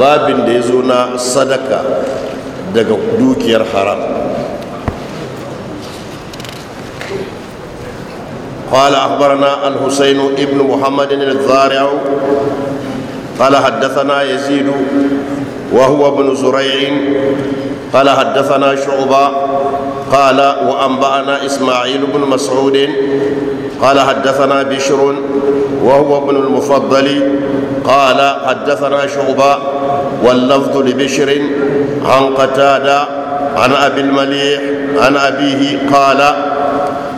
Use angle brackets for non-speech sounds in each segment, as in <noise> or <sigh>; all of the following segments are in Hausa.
babin da ya zo na sadaka daga dukiyar haram قال أخبرنا الحسين ابن محمد الزارع قال حدثنا يزيد وهو ابن زريع قال حدثنا شعبة قال وأنبأنا إسماعيل بن مسعود قال حدثنا بشر وهو ابن المفضل قال حدثنا شعبة واللفظ لبشر عن قتادة عن أبي المليح عن أبيه قال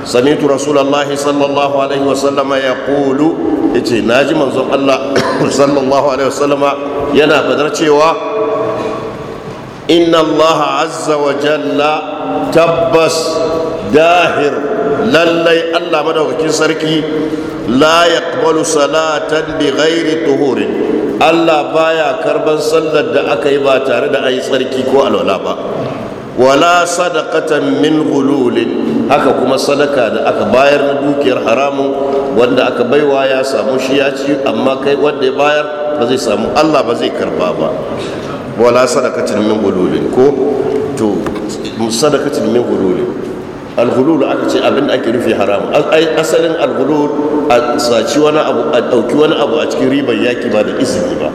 سمعت رسول الله صلى الله عليه وسلم يقول إتي ناجي منظر الله صلى الله عليه وسلم ينا فدرتي و إن الله عز وجل تبس داهر للي الله مدوكين سركي لا يقبل صلاة بغير طهور Allah baya karban sallar da aka yi ba tare da ayi tsarki ko alwala ba wala sadaqatan min hululin haka kuma sadaka da aka bayar na dukiyar haramun wanda aka baiwa ya samu shi ya ci amma kai wanda ya bayar ba zai samu Allah ba zai karba ba wala sadaqatan min hululin ko to sadaqatan min hululin alghulul aka ce abin da ake nufi haramu asalin alghulul a saci wani abu a ɗauki wani abu a cikin ribar yaki ba da izini ba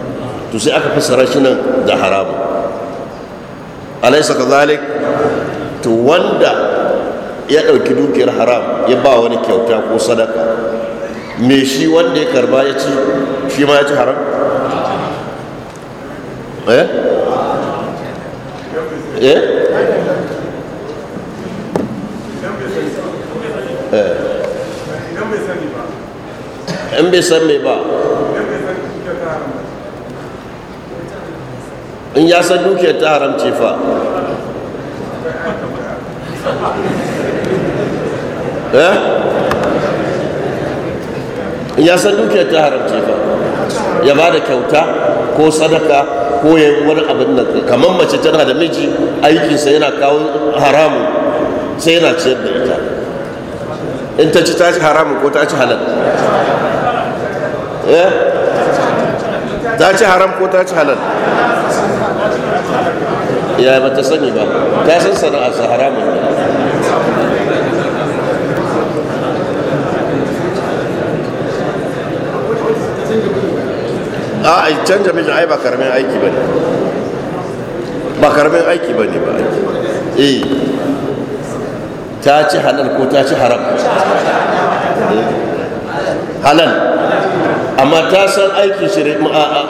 to sai aka fassara shi nan da haramu alaysa kazalik to wanda ya ɗauki dukiyar haram ya ba wani kyauta ko sadaka me shi wanda ya karba ya ci shi ma ya ci haram eh eh in bai san mai ba in ya san dukiyar ta haramci fa eh? ya san dukiyar ta haramci fa ya ba da kyauta ko sadaka ko ya wani abin nan kamar mace tana da miji aikinsa yana kawo haramun sai yana ciyar da ita in ta ci ta ci haramun ko ta ci halal Eh? ta ci haram ko ta ci halal ya ba ta sani ba ta san sana'a su haramun ne a a canja mijin ai ba karamin aiki ba ne ba karamin aiki ba ne ba eh ta ci halal ko ta ci haram eh. halal amma ta san aikin shirin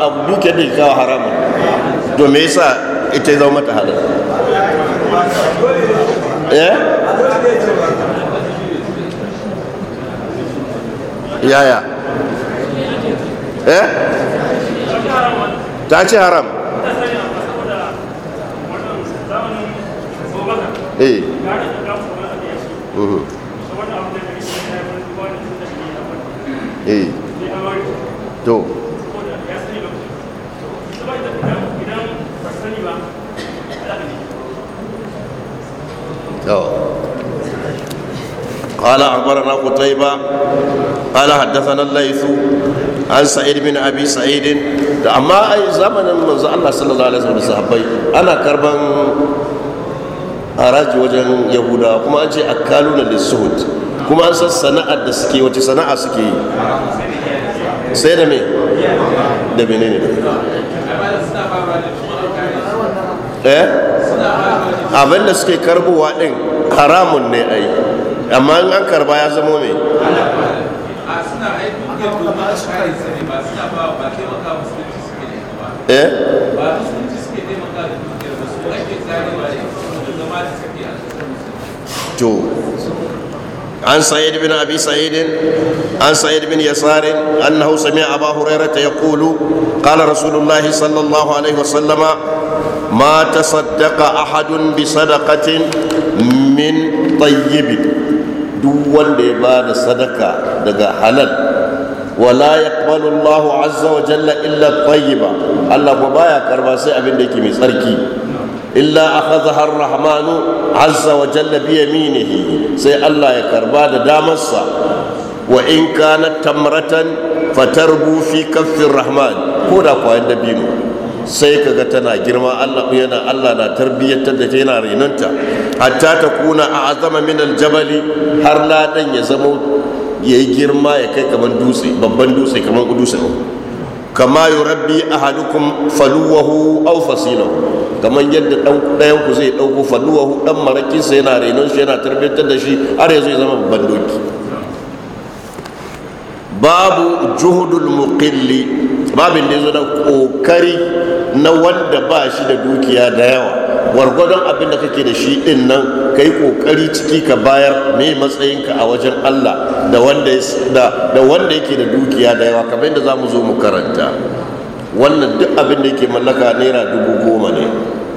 abu duke da kawo haramun domin yasa ita ya zama mata ya eh? yaya eh ta ce haram eh قال أخبرنا قتيبة قال حدثنا الليث عن سعيد بن أبي سعيد أما أي زمن من الله صلى الله عليه وسلم أنا كربان haraji wajen yahuda kuma an ce akaluna lissuhud kuma an san sana'ar da suke wace sana'a suke yi sai da me da mene ne abin da suke karbowa din haramun ne a yi amma an karba ya zama mai eh? to an sa'id bin abi sa'id an sa'id bin yasar annahu sami'a abu hurairah ta yaqulu qala rasulullah sallallahu alaihi wasallam ma tasaddaqa ahadun bi sadaqatin min tayyibin duk wanda ya ba da sadaka daga halal wala ya Allah azza wa jalla illa tayyiba Allah ba baya karba sai abin da yake mai tsarki illa akhadha ar-rahmanu azza wa jalla bi yaminihi sai Allah ya karba da damarsa wa in kanat tamratan fatarbu fi kaffi rahman ko da kwayan dabino sai kaga tana girma Allah yana Allah na tarbiyyatar da ke yana renonta hatta ta kuna a azama min aljabali har ladan ya zama ya yi girma ya kai kamar dutse babban dutse kamar dutse kama ya rabbi ahadukum faluwahu aw fasilahu kamar yadda dayan ku zai dauko faluwahu ɗan marakinsa yana renon shi yana tarbiyyantar da shi har ya zai zama babban doki babu juhudul muqilli babin da yazo da kokari na wanda ba shi da dukiya da yawa gwargwadon abin da kake da shi din nan ka yi kokari ciki ka bayar mai matsayinka a wajen allah da wanda yake da dukiya da yawa kamar yadda za mu zo mu karanta wannan duk abin da yake mallaka naira dubu goma ne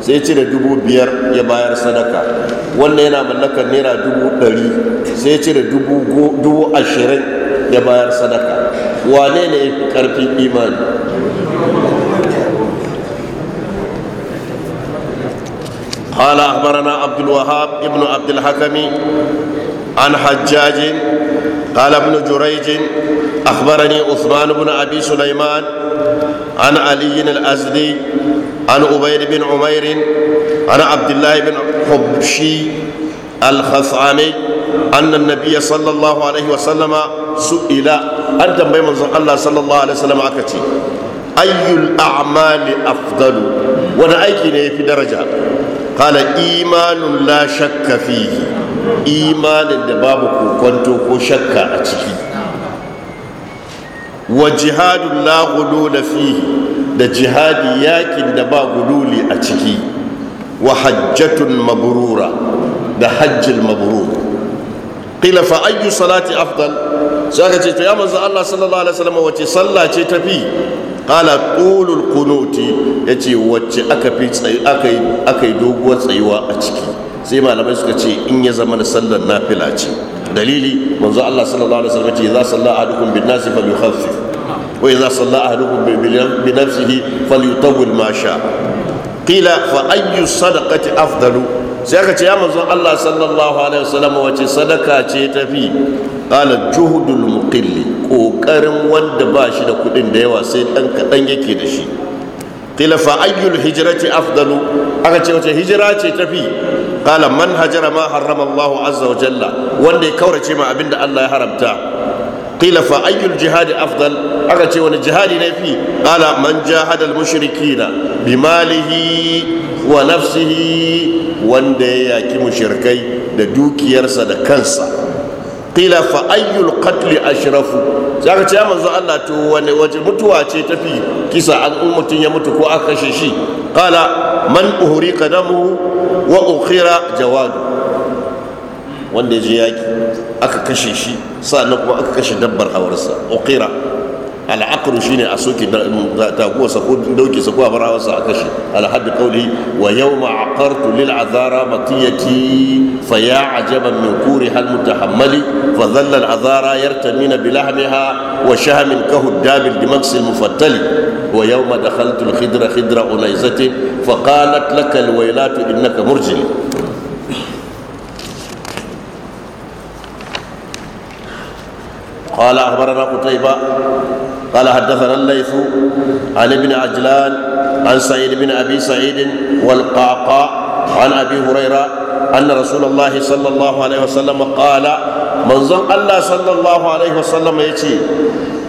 sai ce da dubu biyar ya bayar sadaka wannan yana mallakar naira dubu ɗari sai ce da dubu ashirin ya bayar sadaka wane ne ya fi ƙarfin imani قال أخبرنا عبد الوهاب ابن عبد الحكم عن حجاج قال ابن جريج أخبرني عثمان بن أبي سليمان عن علي الأزدي عن أبيد بن عمير عن عبد الله بن حبشي الخصعاني أن النبي صلى الله عليه وسلم سئل أن تنبي من الله صلى الله عليه وسلم أكتي أي الأعمال أفضل وأنا أيكي في درجة qala imanun la shakka fihi imanin da babu kokonto ko shakka a ciki wa jihadun la gulula fihi da jihadi yakin da ba gululi a ciki wa hajjatun mabrura da hajjil mabrur qila fa ayyu salati afdal sai ce to ya manzo Allah sallallahu alaihi wasallam wace sallah ce tafi qala tulul ya ce wacce aka fi tsayi aka yi doguwar tsayuwa a ciki sai malamai suka ce in ya zama na sallar nafila ce dalili manzo Allah sallallahu alaihi wasallam ce idza salla ahadukum bin nasi falyukhaffif wa idza salla ahadukum bi nafsihi falyutawwil ma sha qila fa ayyu sadaqati afdalu sai aka ce ya manzon Allah sallallahu alaihi wasallam wace sadaka ce tafi qala juhdul muqilli kokarin wanda ba shi da kudin da yawa sai dan kadan yake da shi qila fa ayyul hijrati afdalu aka ce wace hijira ce tafi qala man hajara ma harrama Allah azza wa jalla wanda ya kaurace ma abinda Allah ya haramta qila fa ayyul jihadi afdal aka ce wani jihadi ne fi qala man jahada al mushrikina bimalihi wa nafsihi wanda ya yaki mushrikai da dukiyarsa da kansa qila fa ayyul qatl ashrafu zaka ce manzo Allah to wani waje mutuwa ce tafi kisa an mutum ya mutu ko aka kashe shi qala man uhriqa damu wa ukhira jawadu wanda ya je yaki aka kashe shi sannan kuma aka kashe dabbar hawarsa ukhira العقل شيني اسوكي تاكو سكو دوكي سكو ابراو ساكشي على حد قوله ويوم عقرت للعذارى مطيتي فيا عجبا من كورها المتحمل فظل العذارى يرتمين بلحمها وشهم كهداب الدمكس المفتل ويوم دخلت الخدرة خدرة قنيزة فقالت لك الويلات انك مرجل قال أخبرنا قتيبة قال حدثنا الليث عن ابن عجلان عن سعيد بن أبي سعيد والقعقاع عن أبي هريرة أن رسول الله صلى الله عليه وسلم قال من زن الله صلى الله عليه وسلم يتي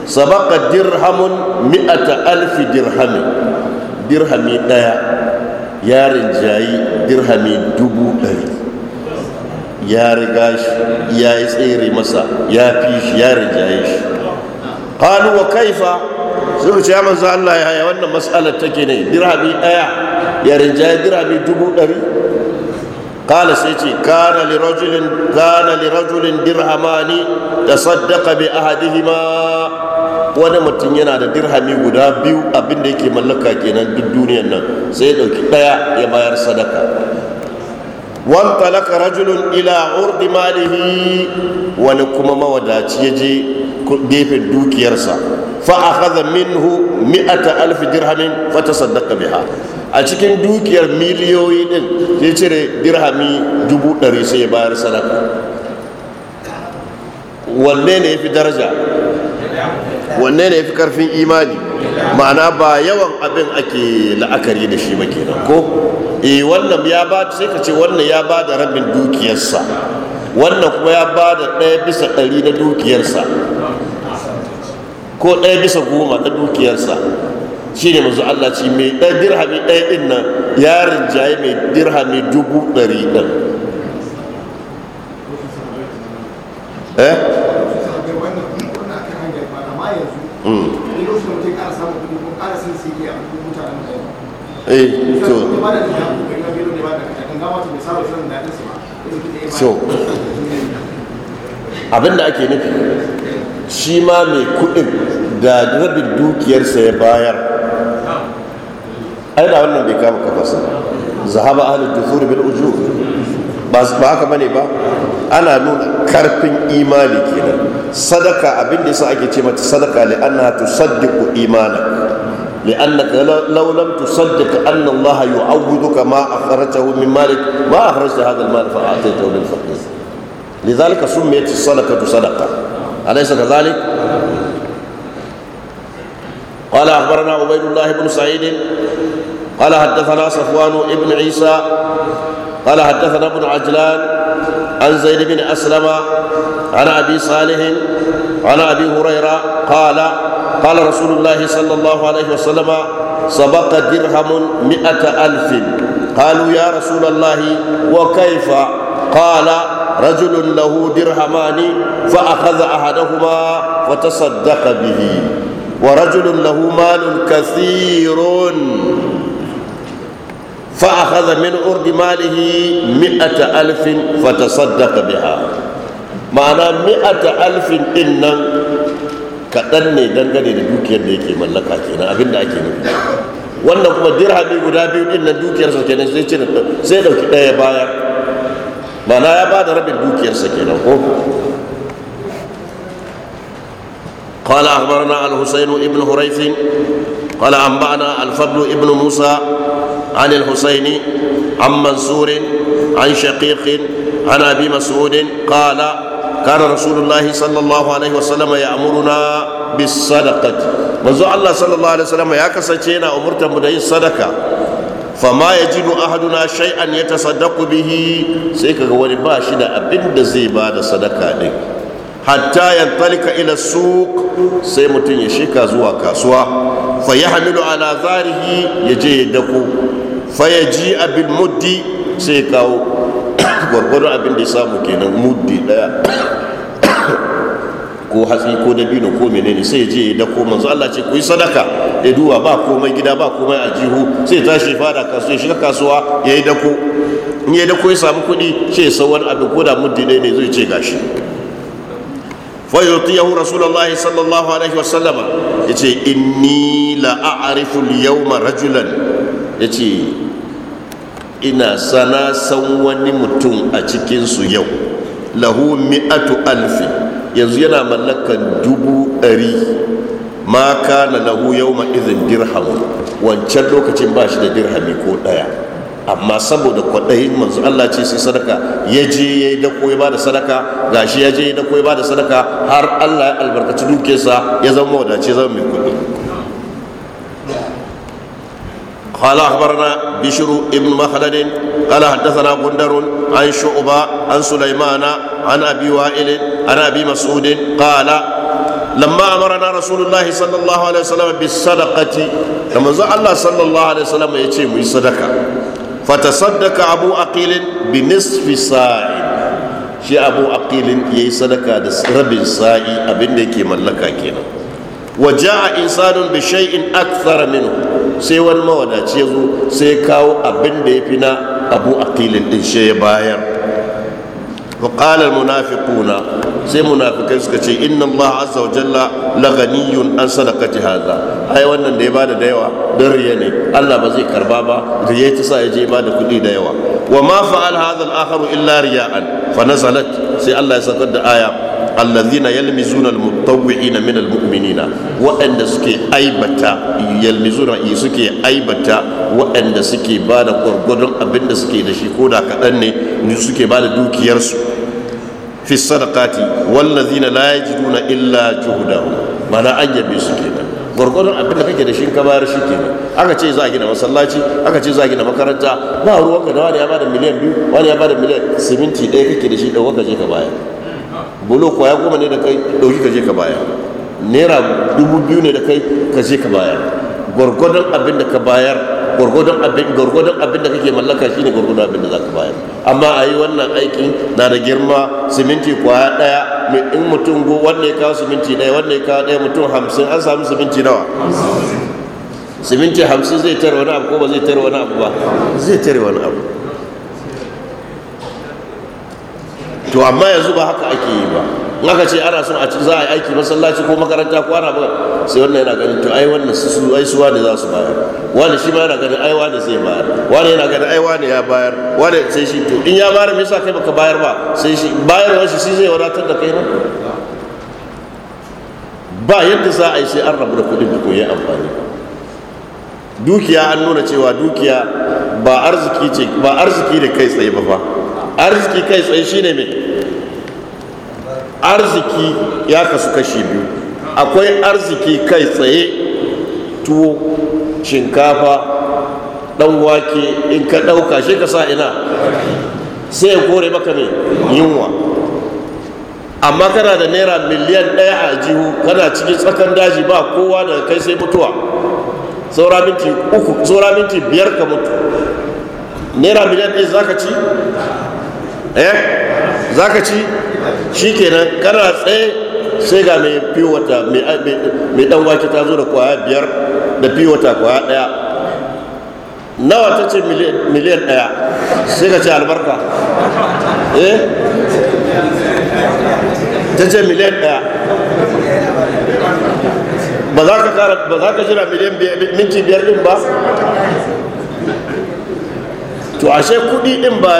سبق درهم مئة ألف درهم درهم دايا يا رجاي درهم دبو دايا ya riga shi ya yi tsere masa ya fi shi ya rijaye shi qalu wa kaifa sun ce Allah ya haya wannan mas'alar take ne dirhami daya ya rijaye dirhami dubu ɗari قال سيتي كان لرجل كان لرجل درهمان bi ahadihima wani mutum yana da dirhami guda biyu abinda yake mallaka kenan duk duniyar nan sai ya ɗauki ɗaya ya bayar sadaka wantalaka rajulun ila urdi malihi wani kuma mawadaci ya je gefen dukiyarsa fa akhadha minhu mi'ata alf dirhamin fa tasaddaqa biha a cikin dukiyar miliyoyi din ya cire dirhami dubu ɗari sai ya bayar sadaka wanne ne ya fi daraja wanne ne ya fi karfin imani ma'ana ba yawan abin ake la'akari da shi ba kenan ko e wannan ya ba sai ka ce wannan ya ba da rabin dukiyarsa wannan kuma ya ba da ɗaya bisa ɗari na dukiyarsa ko ɗaya bisa goma na dukiyarsa shi ne mazu Allah ci mai ɗaya dirhami ɗaya ɗin nan ya rinjaye mai dirhami dubu ɗari ɗin eh? eh to so abinda ake nufi shi ma mai kudin da rabin dukiyarsa ya bayar ai da wannan bai kama kafasa zahaba ahlul dusur bin uju ba haka bane ba ana nuna karfin imani kenan sadaka abin da yasa ake ce mata sadaka ana anna tusaddiqu imanaka لأنك لو لم تصدق أن الله يعوضك ما أخرجته من مالك ما أخرجت هذا المال فأعطيته للفقير لذلك سميت الصدقة صدقة أليس كذلك؟ قال أخبرنا عبيد الله بن سعيد قال حدثنا صفوان بن عيسى قال حدثنا ابن عجلان عن زيد بن أسلم عن أبي صالح عن أبي هريرة قال قال رسول الله صلى الله عليه وسلم سبق درهم مئة ألف قالوا يا رسول الله وكيف قال رجل له درهمان فأخذ أحدهما فتصدق به ورجل له مال كثير فأخذ من أرض ماله مئة ألف فتصدق بها معنى مئة ألف إن kaɗan ne dangane da dukiyar da yake mallaka kenan abin da ake nufi wannan kuma dirhami guda biyu din nan dukiyarsa kenan sai ce sai dauki ɗaya baya ma'ana ya ba da rabin dukiyarsa kenan ko قال أخبرنا الحسين ابن هريث قال أنبأنا الفضل ابن موسى عن الحسين عن منصور عن شقيق عن ابي مسعود قال كان رسول الله صلى الله عليه وسلم يامرنا بالصدقه منذ الله صلى الله عليه وسلم يا كسجينا امرت بدي الصدقه فما يجد احدنا شيئا يتصدق به سيكا ولي باشي دا ابين دا زي بادا صدقه دي حتى ينطلق الى السوق سي متين يشيكا زوا كاسوا فيحمل على ذاره يجي يدكو fayaji abin muddi sai kawo gwargwaro abin da ya samu kenan muddi daya ko hatsi ko dabino ko menene sai je da ko manzo Allah ce ku yi sadaka ya duwa ba komai gida ba komai a jihu sai tashi fara kasuwa shiga kasuwa ya yi dako in ya dako ya samu kuɗi sai wani abin ko da muddi ne zai ce gashi فيعطيه Rasulallah sallallahu alaihi الله عليه وسلم يقول إني لأعرف اليوم rajulan ya ce ina sana san wani mutum a cikinsu yau lahu mi'atu alfi yanzu yana mallakan dubu ɗari ma kana lahu yau izin dirham wancan lokacin ba shi da dirhami ko ɗaya amma saboda kwaɗayin manzu Allah ce sai sadaka ya je ya yi dako ya bada sadaka gashi ya je ya dako ya bada sadaka har Allah ya albarkaci dukiyarsa ya zama wadace zama mai kuɗi قال أخبرنا بشر ابن مخلد قال حدثنا غندر عن شعبة عن سليمان عن أبي وائل عن أبي مسعود قال لما أمرنا رسول الله صلى الله عليه وسلم بالصدقة لما الله صلى الله عليه وسلم يتيم الصدقة فتصدق أبو أقيل بنصف ساعٍ shi abu aqilin ya yi sadaka da rabin sa'i abin da yake mallaka kenan wa ja'a insanun bi shay'in akthara minhu sai wani mawadaci ya zo sai kawo abin da ya fi na abu aqilin din shi ya bayar وقال المنافقون سي منافقين سكتي إن الله عز وجل لغني عن صدقة هذا أي وانا دي بعد ديوا دريني الله بزي كربابا ريت سايجي بعد كدي ديوا وما فعل هذا الآخر إلا رياء فنزلت سي الله يسقط آية الذين يلمزون المتطوعين من المؤمنين وأن سكي أيبتا يلمزون سكي أيبتا وأن سكي بعد قرقدن أبن سكي دشي كودا كأني سكي بعد دوكيرسو fi sadaqati wallazina la yajiduna illa juhdahum mana an yabe su kenan gwargwadon abin da kake da shi ka bayar shi kenan aka ce za a gina masallaci aka ce za a gina makaranta ba ruwan ka da wani ya bada miliyan biyu wani ya bada miliyan siminti ɗaya kake da shi ɗauka ka je ka bayar bulo ya goma ne da kai ɗauki ka je ka bayar naira dubu biyu ne da kai ka je ka bayar gwargwadon abin da ka bayar gwargwadon abin gwargwadon abin da kake mallaka shine gwargwadon abin da zaka bayar amma a yi wannan aikin na da girma siminti kwaya daya in mutum go wanda ya kawo siminti daya wanda ya kawo daya mutum hamsin an samu siminti nawa siminti hamsin zai tare wani abu ko ba zai tare wani abu ba zai tare wani abu to amma yanzu ba haka ake yi ba maka ce ana son a ci za a yi aiki masallaci ko makaranta ko ana ba sai wannan yana ganin to ai wannan su ai suwa ne za su bayar wani shi ma yana ganin ai wani zai bayar wani yana ganin ai wani ya bayar wani sai shi to in ya bayar me yasa kai baka bayar ba sai shi bayar wani shi zai wadatar da kai na ba yadda za a yi sai an rabu da kuɗin da koyi amfani dukiya an nuna cewa dukiya ba arziki ce ba arziki da kai tsaye ba fa arziki kai tsaye shine mai arziki ya kasu kashi biyu akwai arziki kai tsaye tuwo shinkafa dan wake in ka dauka shi ka sa ina sai ya kore maka ne yunwa amma kana da naira miliyan ɗaya a jihu kana cikin tsakan daji ba kowa daga kai sai mutuwa saura minti uku saura minti biyar ka mutu naira miliyan ɗaya za ka ci eh za ka ci shi kenan kana tsaye sai ga mai wata mai dan wake ta zo da kwaya biyar da wata kwaya daya nawa ta ce miliyan daya sai ka ce albarka eh ta ce miliyan daya ba za ka kara ba za ka jira miliyan minti biyar din ba to ashe kudi din ba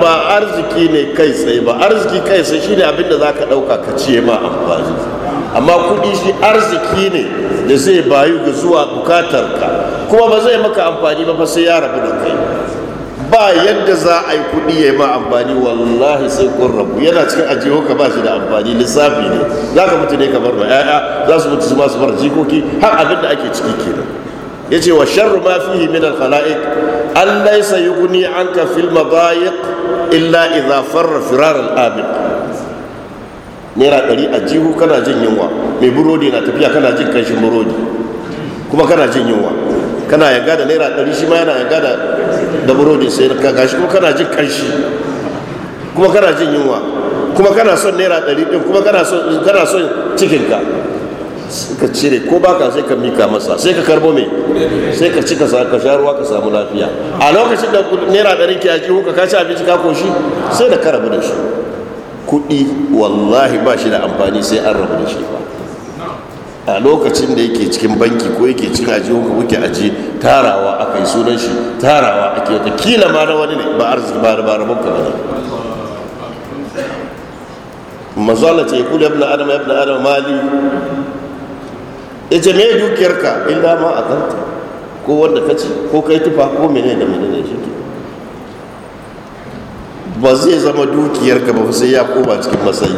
ba arziki ne kai tsaye ba arziki kai tsaye ne abin da ka ɗauka ka ciye ma amfani amma kuɗi shi arziki ne da zai bayu ga zuwa bukatar ka kuma ba zai maka amfani ba fa sai ya rabu da kai ba yadda za a yi kudi ya yi ma amfani wallahi sai kun rabu yana cikin ajiyo ka ba shi da amfani lissafi ne za ka mutu ne kamar ba ya'ya za su mutu su masu bar jikoki har abin da ake ciki kenan ya ce wa sharru ma fihi min al-khala'iq an laisa yuguni anka fil madayiq illa idza farra firar al naira ɗari a jihu kana jin yunwa mai burodi na tafiya kana jin kanshin burodi kuma kana jin yunwa kana yaga da naira ɗari shi ma yana yaga da burodi sai ka shi kuma kana jin kanshi kuma kana jin yunwa kuma kana son naira ɗari ɗin kuma kana son cikinka ka cire ko baka sai ka mika masa sai ka karbo mai sai ka ci ka sha ruwa ka samu lafiya a lokacin da naira ɗari ki aji ka ci abinci ka koshi sai da karabu da shi kuɗi wallahi ba shi da amfani sai an rabu da shi ba a lokacin da yake cikin banki ko yake cikin ajiyo ko kuke aji tarawa aka yi sunan shi tarawa ake wata kila ma na wani ne ba arziki ba ba rabon ka ba manzo Allah ya kula ibn adam ibn adam mali ya ce me dukiyarka in dama a kanta ko wanda ka ci ko kai tufa ko mene da mene ne shi ba zai zama dukiyarka ba sai ya koma cikin matsayi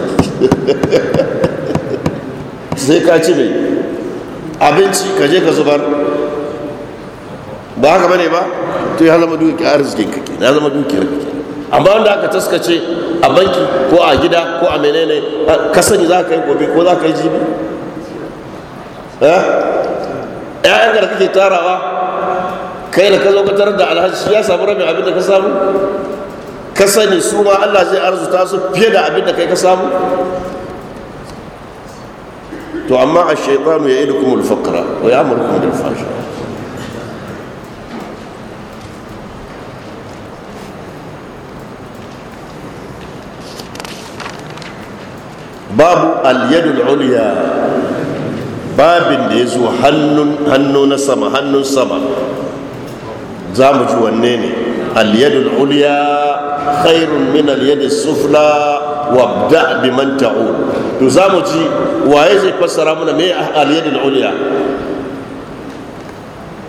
<laughs> sai ka ci mai abinci ka je ka zubar ba haka bane ba to ya zama dukiyar arzikin kake ya zama dukiyar kake amma wanda aka taskace a banki ko a gida ko a menene ka sani za ka yi gobe ko za ka yi jibi ‘ya'yan da kake tarawa kai da ka zo ka tarar da alhaji ya samu rabin abin da ka samu ka sani su ma Allah zai arzuta su fiye da abin da kai ka samu to amma a shaitanu ya idukum alfaqra wa ya amurkum bil fahsha babu al yad al ulya babin da ya hannun hannu na sama hannun sama za mu ji wanne ne aliyadul uliya khairun min aliyadul sufla wa da bi man ta'u to za mu ji waye zai fassara mana me aliyadul uliya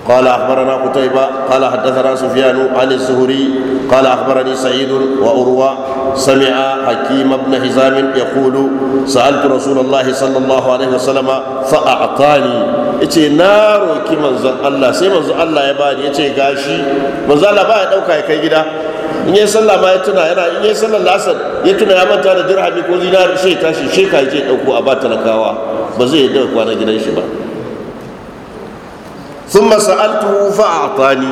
قال أخبرنا قتيبة قال حدثنا سفيان عن الزهري قال أخبرني سعيد وأروى سمع حكيم بن حزام يقول سألت رسول الله صلى الله عليه وسلم فأعطاني yace na roki manzon Allah sai manzon Allah ya bani yace gashi manzon Allah ba ya dauka ya kai gida in yi sallah ma ya tuna yana in yi sallah lasar ya tuna ya manta da dirhami ko zinari sai ya tashi shi ka je dauko a ba talakawa ba zai dauka na gidan shi ba thumma sa'altuhu fa a'tani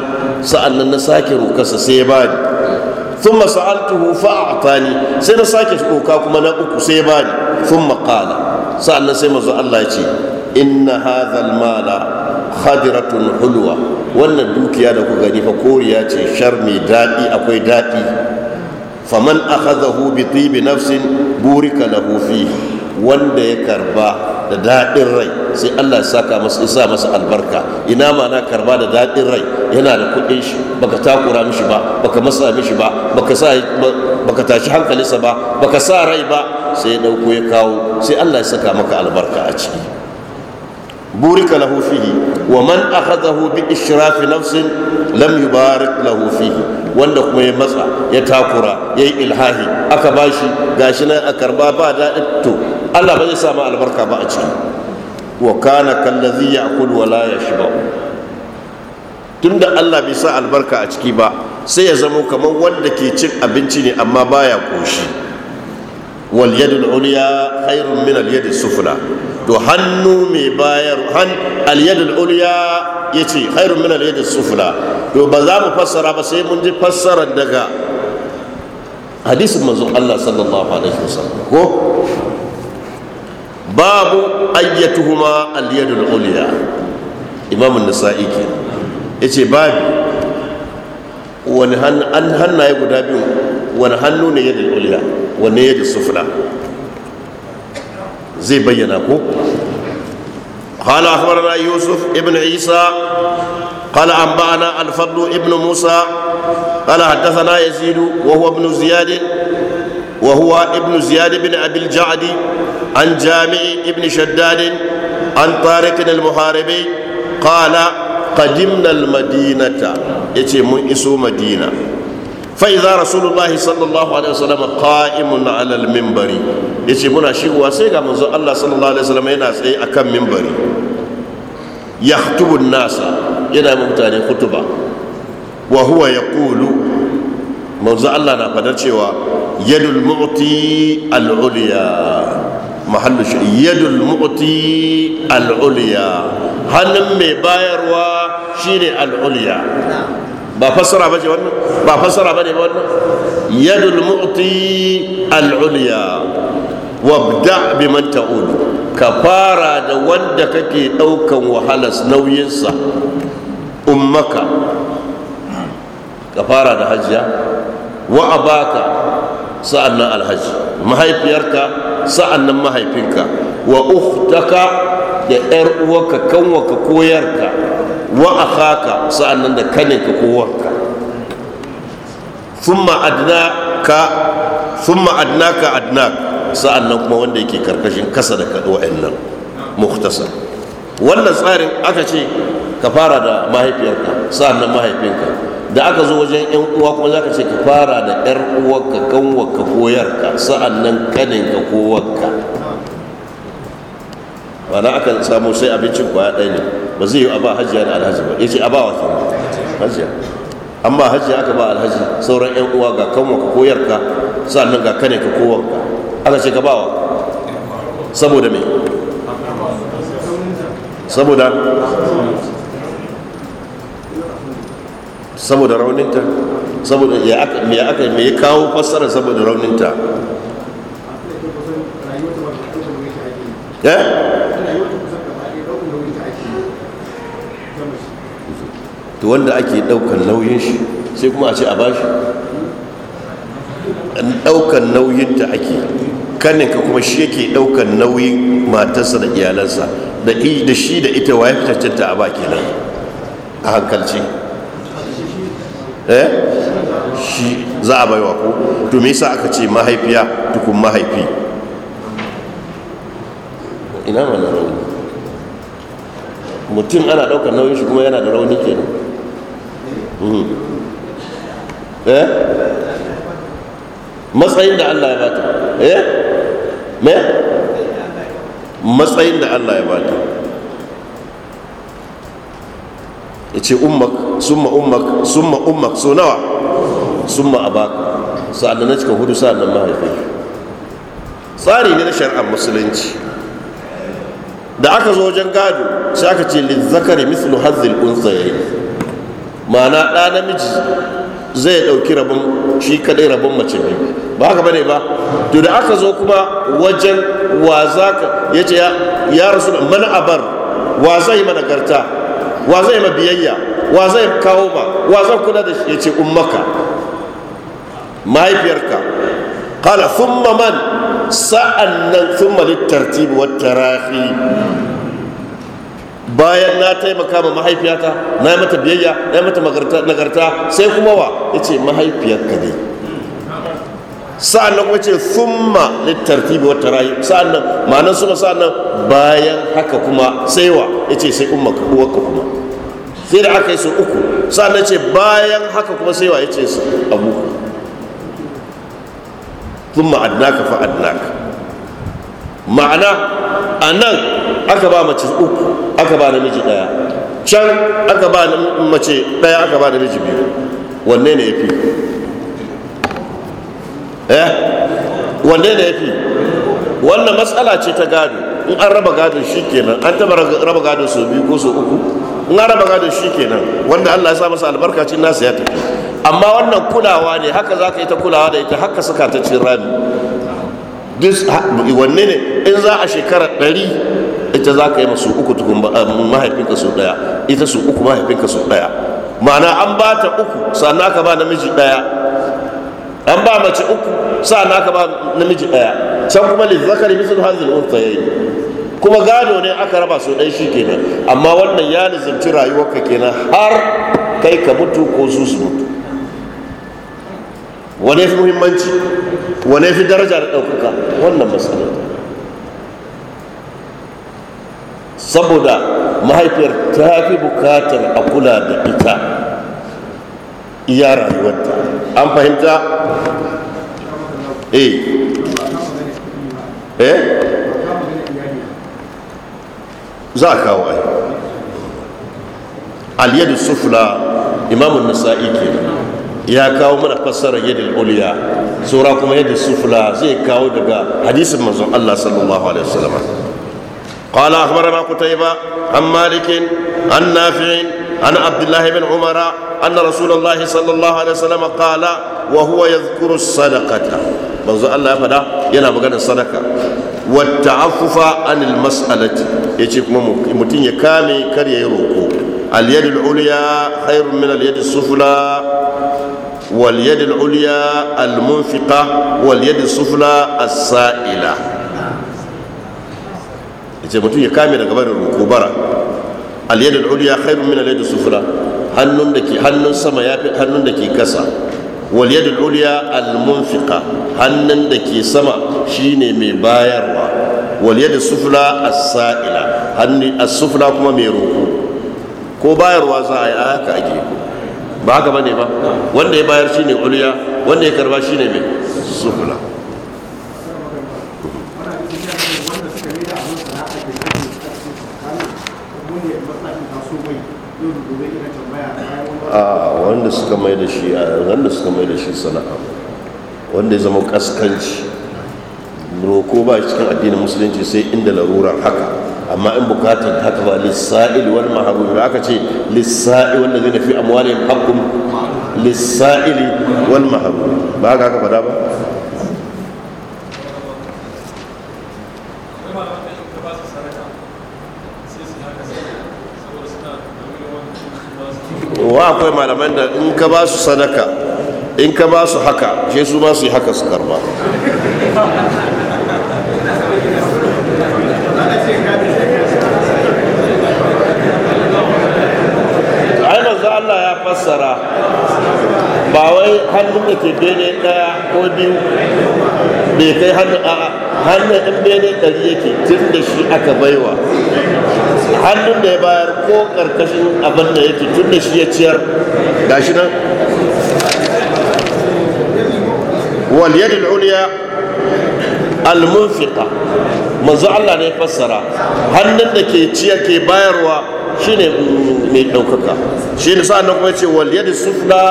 nan na sake rokarsa sai ya bani thumma sa'altuhu fa a'tani sai na sake roka kuma na uku sai ya sun thumma sa'an nan sai manzo Allah ce inna hadha al-mala khadiratun hulwa wannan dukiya da ku gani fa koriya ce shar mai daɗi akwai daɗi faman akhadhahu bi tibi nafsin burika lahu hufi wanda ya karba da daɗin rai sai Allah ya saka masa isa masa albarka ina ma na karba da daɗin rai yana da kuɗin shi baka takura mishi ba baka masa mishi ba baka sa baka tashi hankalinsa ba baka sa rai ba sai ya ɗauko ya kawo sai Allah ya saka maka albarka a ciki burika lahu fihi wa man akhadahu bi ishrafi nafsin lam yubarik lahu fihi wanda kuma ya matsa ya takura yayi ilhahi aka bashi gashi nan a karba ba da to Allah ba zai sa ma albarka ba a ciki wa kana kallazi ya kudu ya'kul wa la yashba tunda Allah bai sa albarka a ciki ba sai ya zamo kamar wanda ke cin abinci ne amma baya koshi wal yadul ulya khairun min al yadis sufla to hannu mai bayar han al yadul ulya yace khairun min al yadis sufla to ba za mu fassara ba sai mun ji fassarar daga hadisin manzon Allah sallallahu alaihi wasallam ko babu ayyatuhuma al-yadul ulya imam an-nasa'i ke yace babu wani an hannaye guda biyu wani hannu ne yadul ulya wani yadul sufla zai bayyana ko قال أخبرنا يوسف ابن عيسى قال أنبأنا الفضل ابن موسى قال حدثنا يزيد وهو ابن زياد وهو ابن زياد بن أبي الجعد عن جامع ابن شداد عن طارق المحاربي قال قدمنا المدينة يتي من إسو مدينة فإذا رسول الله صلى الله عليه وسلم قائم على المنبر يتي منا شيخ وسيقى منذ الله صلى الله عليه وسلم يناس أي أكم منبري يخطب الناس ينا ممتاني خطبة وهو يقول منذ الله نقدر شوى يد المعطي العليا mahallu shi yadul mu'ti al'uliya hannun mai bayarwa shine al'uliya ba fassara ba ce wannan ba fassara ba ne ba wannan yadul mu'ti al'uliya wabda bi man ta'ud ka fara da wanda kake daukan wahalas nauyinsa ummaka ka fara da hajiya wa abaka sa'annan alhaji mahaifiyarka sa'an nan mahaifinka wa uhtaka da yar uwarka kanwarka ko yarka wa akhaka sa'an nan da kaninka ko wanka thumma adnaka thumma adnaka adnak sa'an nan kuma wanda yake karkashin kasa da kado nan mukhtasar wannan tsarin aka ce ka fara da mahaifiyarka sa'an nan mahaifinka da aka zo wajen yan uwa kuma zaka ce ka fara da yar uwarka kanwarka sa'an nan sa'annan kaninka ko wakka ba aka samu sai abincin kwaya ɗaya ne ba zai yi a ba hajiya da alhaji ba ya ce a ba wa kenan hajiya an ba hajiya aka ba alhaji sauran yan uwa ga kanwarka ka sa'an sa'annan ga kaninka ko wakka aka ce ka ba wa saboda me saboda saboda rauninta saboda ya aka me ya kawo fassara saboda rauninta eh? ta wanda ake daukan nauyin shi sai kuma a ce a ba shi. daukan nauyin ta ake kaninka kuma shi yake daukan nauyin matarsa da iyalansa da shi da ita wa ya fitaccen ta a ba kenan a hankalci eh shi za a baiwa ko to me yasa aka ce mahaifiya tukun mahaifi ina mana rauni mutum ana daukar nauyin shi kuma yana da rauni ke hmm. eh matsayin da Allah ya bata eh me matsayin da Allah ya bata ya ce ummak summa ummak summa ummak so nawa summa abaka sa'annan na cikin hudu sa'annan mahaifi tsari ne na shari'ar musulunci da aka zo wajen gado sai aka ce zakari mislu hazzil unsayayi ma'ana ɗa namiji zai ɗauki rabin shi kaɗai rabin mace biyu ba haka bane ba to da aka zo kuma wajen wa za ka ya ce ya rasu mana abar wa zai mana garta wa zai ma biyayya wa zai kawo ma wa zan kula da shi yace ummaka mahaifiyarka qala thumma man sa'annan thumma litartib wa tarahi bayan na taimaka ma mahaifiyata na yi mata biyayya na yi mata nagarta sai kuma wa ya yace mahaifiyarka ne sa'annan kuma ce thumma littartibi wata rayu sa'annan ma'anar suma sa'annan bayan haka kuma sai wa ya ce sai ummaka uwarka kuma sai da aka yi su uku sannan ce bayan haka kuma sai wa ya ce su abu sun ma'adnaka fa'adnaka ma'ana a nan aka ba mace uku aka ba namiji daya can aka ba mace daya aka ba namiji biyu wanne ne ya fi eh wanne ne ya fi wannan matsala ce ta gado in an raba gado shi kenan an taba raba gado sau biyu ko sau uku ngara an da shi kenan wanda allah ya sa masa albarkacin nasu ya tafi amma wannan kulawa ne haka za ka yi ta kulawa da ita haka suka ta cin rami wanne ne in za a shekara ɗari ita za ka yi masu uku tukun eh, mahaifinka su ɗaya ita su uku mahaifinka su ɗaya ma'ana an ba ta uku sannan ka ba namiji ɗaya an ba mace uku sannan ka ba namiji ɗaya can kuma lizzakari misal hanzil unta yayi kuma gado ne aka raba su dai shi kenan amma wannan ya nizanci rayuwarka kenan har kai ka mutu ko su su mutu wane fi muhimmanci wane fi daraja da ɗaukaka wannan matsalar saboda mahaifiyar ta fi bukatar a kula da ita iya rayuwarta an fahimta eh eh za a kawo ai aliyadu sufla imamun nasa'i ke ya kawo mana fassarar yadda uliya saura kuma yadda sufla zai kawo daga hadisin manzon Allah sallallahu alaihi wasallam قال yi ba? An Malikin, an نافع an Abdullahi bin بن an أن رسول الله صلى الله عليه وسلم قال وهو يذكر الصدقة منذ الله فدا ينا مغنى sadaka. والتعفف عن المسألة يجي متين يكامي كر يروكو اليد العليا خير من اليد السفلى واليد العليا المنفقة واليد السفلى Ya ce mutum ya kame daga barin roƙo bara alyadul ulya khairun min alyadus hannun da ke hannun sama fi hannun da ke kasa wal yadul ulya al hannun da ke sama shine mai bayarwa wal da sufla a saila hannu a sufla kuma mai roƙo ko bayarwa za a yi a gefe ba haka bane ba wanda ya bayar shine ulya wanda ya karba shine mai sufla ah, wanda suka mai da shi sana'a wanda ya zama kaskanci roko ba cikin addinin musulunci sai inda larurar haka amma in bukatar haka ba lissa'il wani mahrum da aka ce lissa'il wanda zai nafi amwalihim haqqum lissa'il wani mahrum ba haka aka fada ba wa akwai malaman da in ka ba su sadaka in ka ba su haka shi su ba su yi haka su karba hannun da ke bene ɗaya ko biyu bai kai hannu a hannun in bene ɗari yake tun da shi aka baiwa hannun da ya bayar ko ƙarƙashin abin da yake tun da shi ya ciyar shi nan wal yadul uliya al-munfiqa manzo Allah ne fassara hannun da ke ciyar ke bayarwa shine mai ɗaukaka shi ne sa'an nan kuma ce wal yadi sufla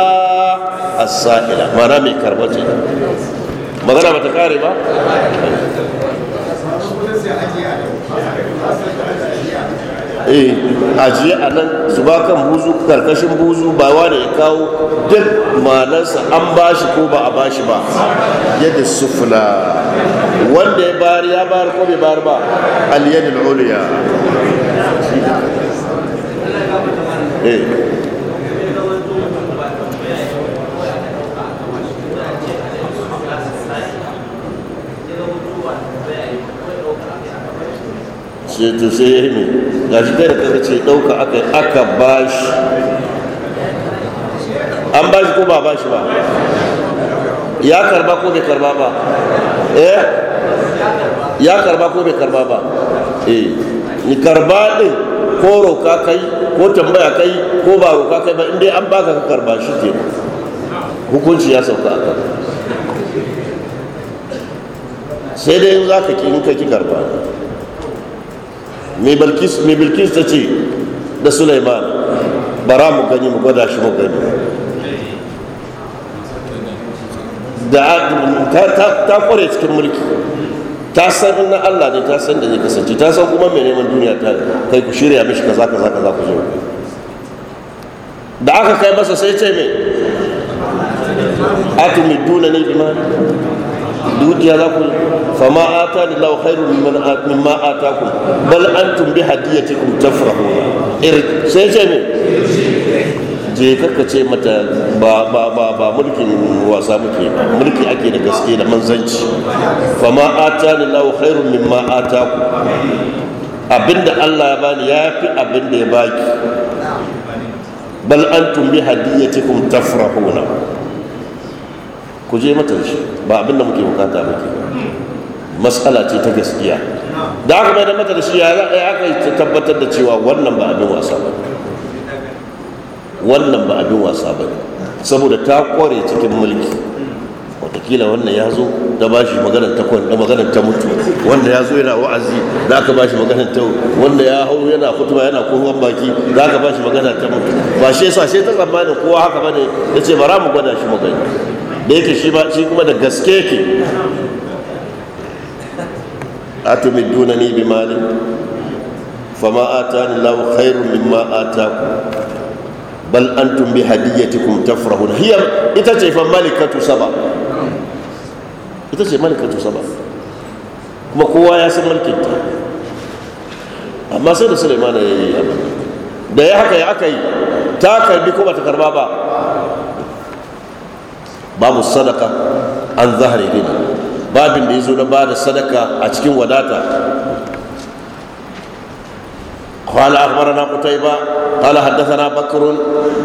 as-sa'ila mana mai karɓar ce magana ba ta kare ba eh ajiye a nan su ba kan buzu karkashin buzu ba wanda ya kawo duk manansa an ba shi ko ba a ba shi ba yadda sufula wanda ya bayar ya bayar ko bai bayar ba aliyadul uliya eh sai to sai ya yi mai ga shi kai da ta ce ɗauka aka aka ba shi an ba shi ko ba ba shi ba ya karba ko bai karba ba eh ya karba ko bai karba ba eh ni karba din ko roka kai ko tambaya kai ko ba roka kai ba inda an baka ka karba shi ke hukunci ya sauka a kan sai dai za ka ƙi in ka ki karba mai bilkis ta ce da suleiman bara mu gani mu gwada shi mu gani da ta kware cikin mulki ta san na allah ne ta san da zai kasance ta san kuma mai neman duniya ta kai ku shirya mishi kaza kaza kaza ku zo da aka kai masa sai ce mai atumi duna ne bi dukiya za ku fama ata da lau khairu ma ata ku bal antum bi hadiyatikum ir sai ce ne je kaka ce mata ba ba ba ba mulkin wasa muke mulki ake da gaske da manzanci fama ata ni khairu min ma ata ku abinda Allah ya bani ya fi abinda ya baki bal antum bi hadiyatikum tafrahuna ku je mata da shi ba abin da muke bukata muke matsala ce ta gaskiya da aka mai da mata da shi ya aka tabbatar da cewa wannan ba abin wasa ba wannan ba abin wasa ba saboda ta kware cikin mulki watakila wannan ya zo da ba shi maganar ta kwanda maganar ta mutu wanda ya zo yana wa'azi da aka ba shi maganar ta wanda ya hau yana kutuba yana kohon baki da aka ba shi maganar ta mutu ba shi yasa shi ta tsammanin kowa haka bane ya ce bara mu gwada shi magana da yake shi ba shi kuma da gaske ke duna ni bi mali fama ni lahu khairun mimma ku bal antum bi hadiyatikum tafrahun hiya ita ce fa malikatu saba ita ce malikatu saba kuma kowa ya san mulkin ta amma sai da Sulaiman ya yi da ya haka ya aka yi ta karbi ko ta karba ba babu sadaka an zahari dina babin da ya zo na ba da sadaka a cikin wadata قال اخبرنا قتيبه قال حدثنا بكر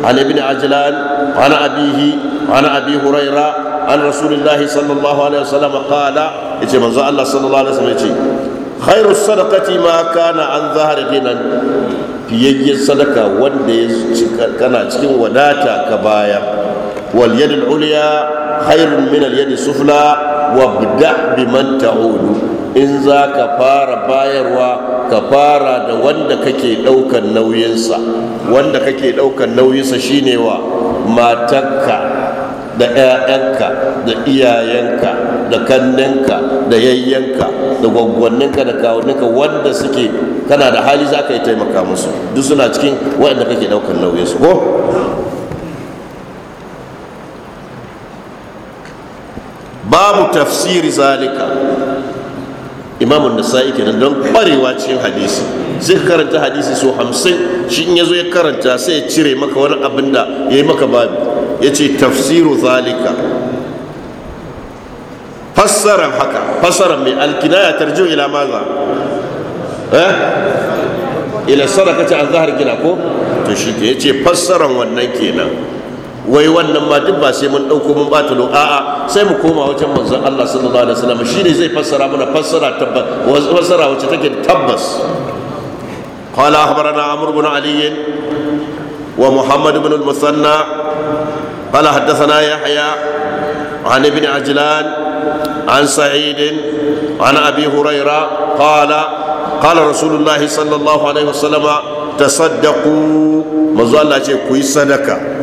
عن ابن عجلان عن ابيه عن ابي هريره عن رسول الله صلى الله عليه وسلم قال يجي من الله صلى الله عليه وسلم يجي خير الصدقه ما كان عن ظهر دينا fiyayyen sadaka wanda ya kana cikin wadata ka baya واليد العليا خير من اليد السفلى وابدع بمن تعود in za ka fara bayarwa ka fara da wanda kake ɗaukan nauyinsa wanda kake ɗaukan nauyinsa shine wa matanka da 'ya'yanka da iyayenka da kanninka da yayyanka da gwaggwanninka da kawuninka wanda suke kana da hali za ka yi taimaka musu duk suna cikin waɗanda kake ɗaukan nauyinsu ko babu tafsiri zalika imamun nasa'i kenan don kwarewa cikin hadisi sai karanta hadisi so hamsin shi in ya zo ya karanta sai ya cire maka wani abin da ya yi maka babu ya ce tafsiru zalika fassaran haka fassaran mai alkinaya tarjo ila maza eh ila sarakata azhar gina ko to shi ke ya ce fassaran wannan kenan wai wannan ma duk ba sai mun ɗauko mun ɓata lo a'a sai mu koma wajen manzon Allah sallallahu alaihi wasallam shi ne zai fassara mana fassara tabbas fassara wacce take tabbas قال أخبرنا عمرو بن علي ومحمد بن المثنى قال حدثنا يحيى عن ابن عجلان عن سعيد عن أبي هريرة قال قال رسول الله صلى الله عليه وسلم تصدقوا مزال الله كوي صدقه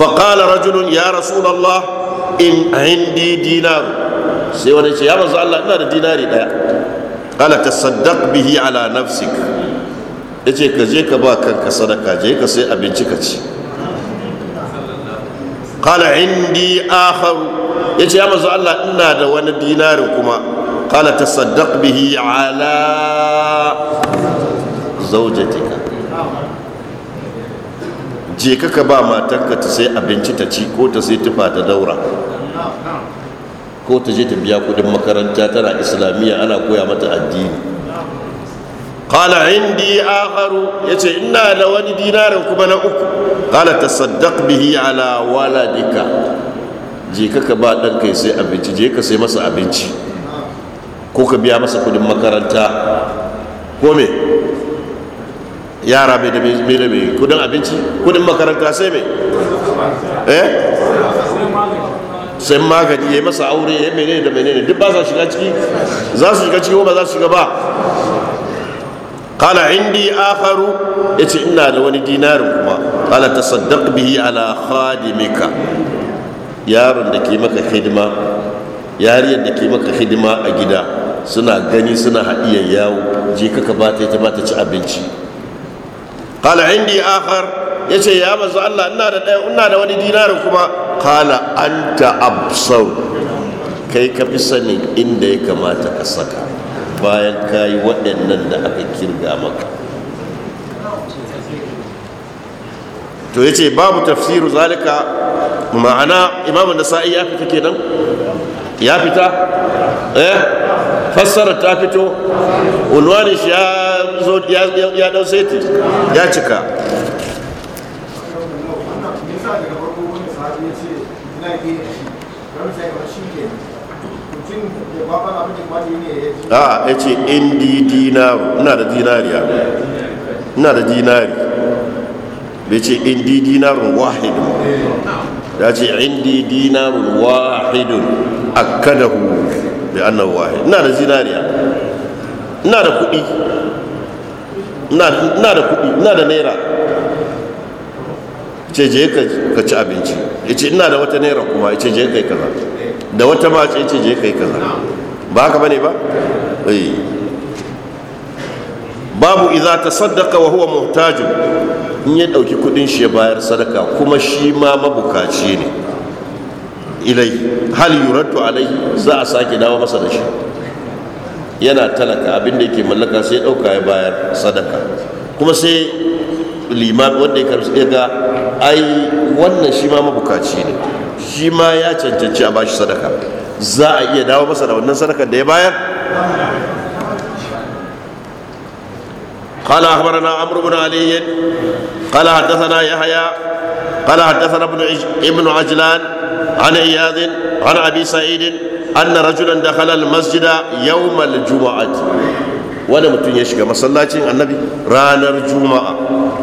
faƙala rajulun ya rasulallah in indi dinar sai wani ce ya manzo Allah ina da dinari ɗaya ala tasaddaq bihi ala nafsik yace ka je ka ba kanka sadaka je ka sai abinci ka ci qala indi akhar yace ya manzo Allah ina da wani dinarin kuma qala bihi ala je kaka ba matanka ta sai abinci ta ci ko ta sai tufa ta daura ko ta je ta biya kudin makaranta tana islamiyya ana koya mata addini kala indi akharu yace ina da wani dinarin kuma na uku ta tasaddaq bihi ala waladika je ka ka ba dan kai sai abinci je ka sai masa abinci ko ka biya masa kudin makaranta ko me yara bai da bai da bai kudin abinci kudin makaranta sai mai eh sai magani ya yi masa aure ya menene da menene duk ba sa shiga ciki za su shiga ciki ko ba za su shiga ba kala indi akharu yace ina da wani dinarin kuma kala tasaddaq bihi ala khadimika yaron da ke maka hidima yariyar da ke maka hidima a gida suna gani suna haɗiyar yawo je kaka ba ta ta ba ta ci abinci qala indi akhar yace ya manzo Allah ina da da wani dinarin kuma qala anta absar kai ka fi sanin inda ya kamata ka saka bayan ka yi waɗannan da aka kirga maka to ya ce babu tafsiru zalika ma'ana imamun nasa'i ya fita kenan ya fita eh fassara ta fito unwani shi ya zo ya dau seti ya cika a ah, ya ce indi dinaru ina da dinari ina da dinari bai ce indi dinarun wahidun ya ce indi dinarun wahidun akadahu bi annahu wahid ina da zinariya ina da kuɗi ina da kuɗi ina da naira ce je ka ci abinci ya ce ina da wata naira kuma ya ce je kai kaza da wata mace ya ce je kai kaza ba haka bane ba eh. babu idza tasaddaqa wa huwa muhtajun in ya dauki kudin shi ya bayar sadaka kuma shi ma mabukaci ne ilai hal yuraddu alai za a sake dawo masa da shi yana talaka abinda yake mallaka sai dauka ya bayar sadaka kuma sai liman wanda ya karfi ya ga ai wannan shi ma mabukaci ne shi ma ya cancanci a bashi sadaka za a iya dawo masa da wannan sadakar da ya bayar قال اخبرنا عمرو بن علي قال حدثنا يحيى قال حدثنا ابن ابن عجلان عن اياد عن ابي سعيد ان رجلا دخل المسجد يوم الجمعه wani mutum ya shiga masallacin annabi ranar juma'a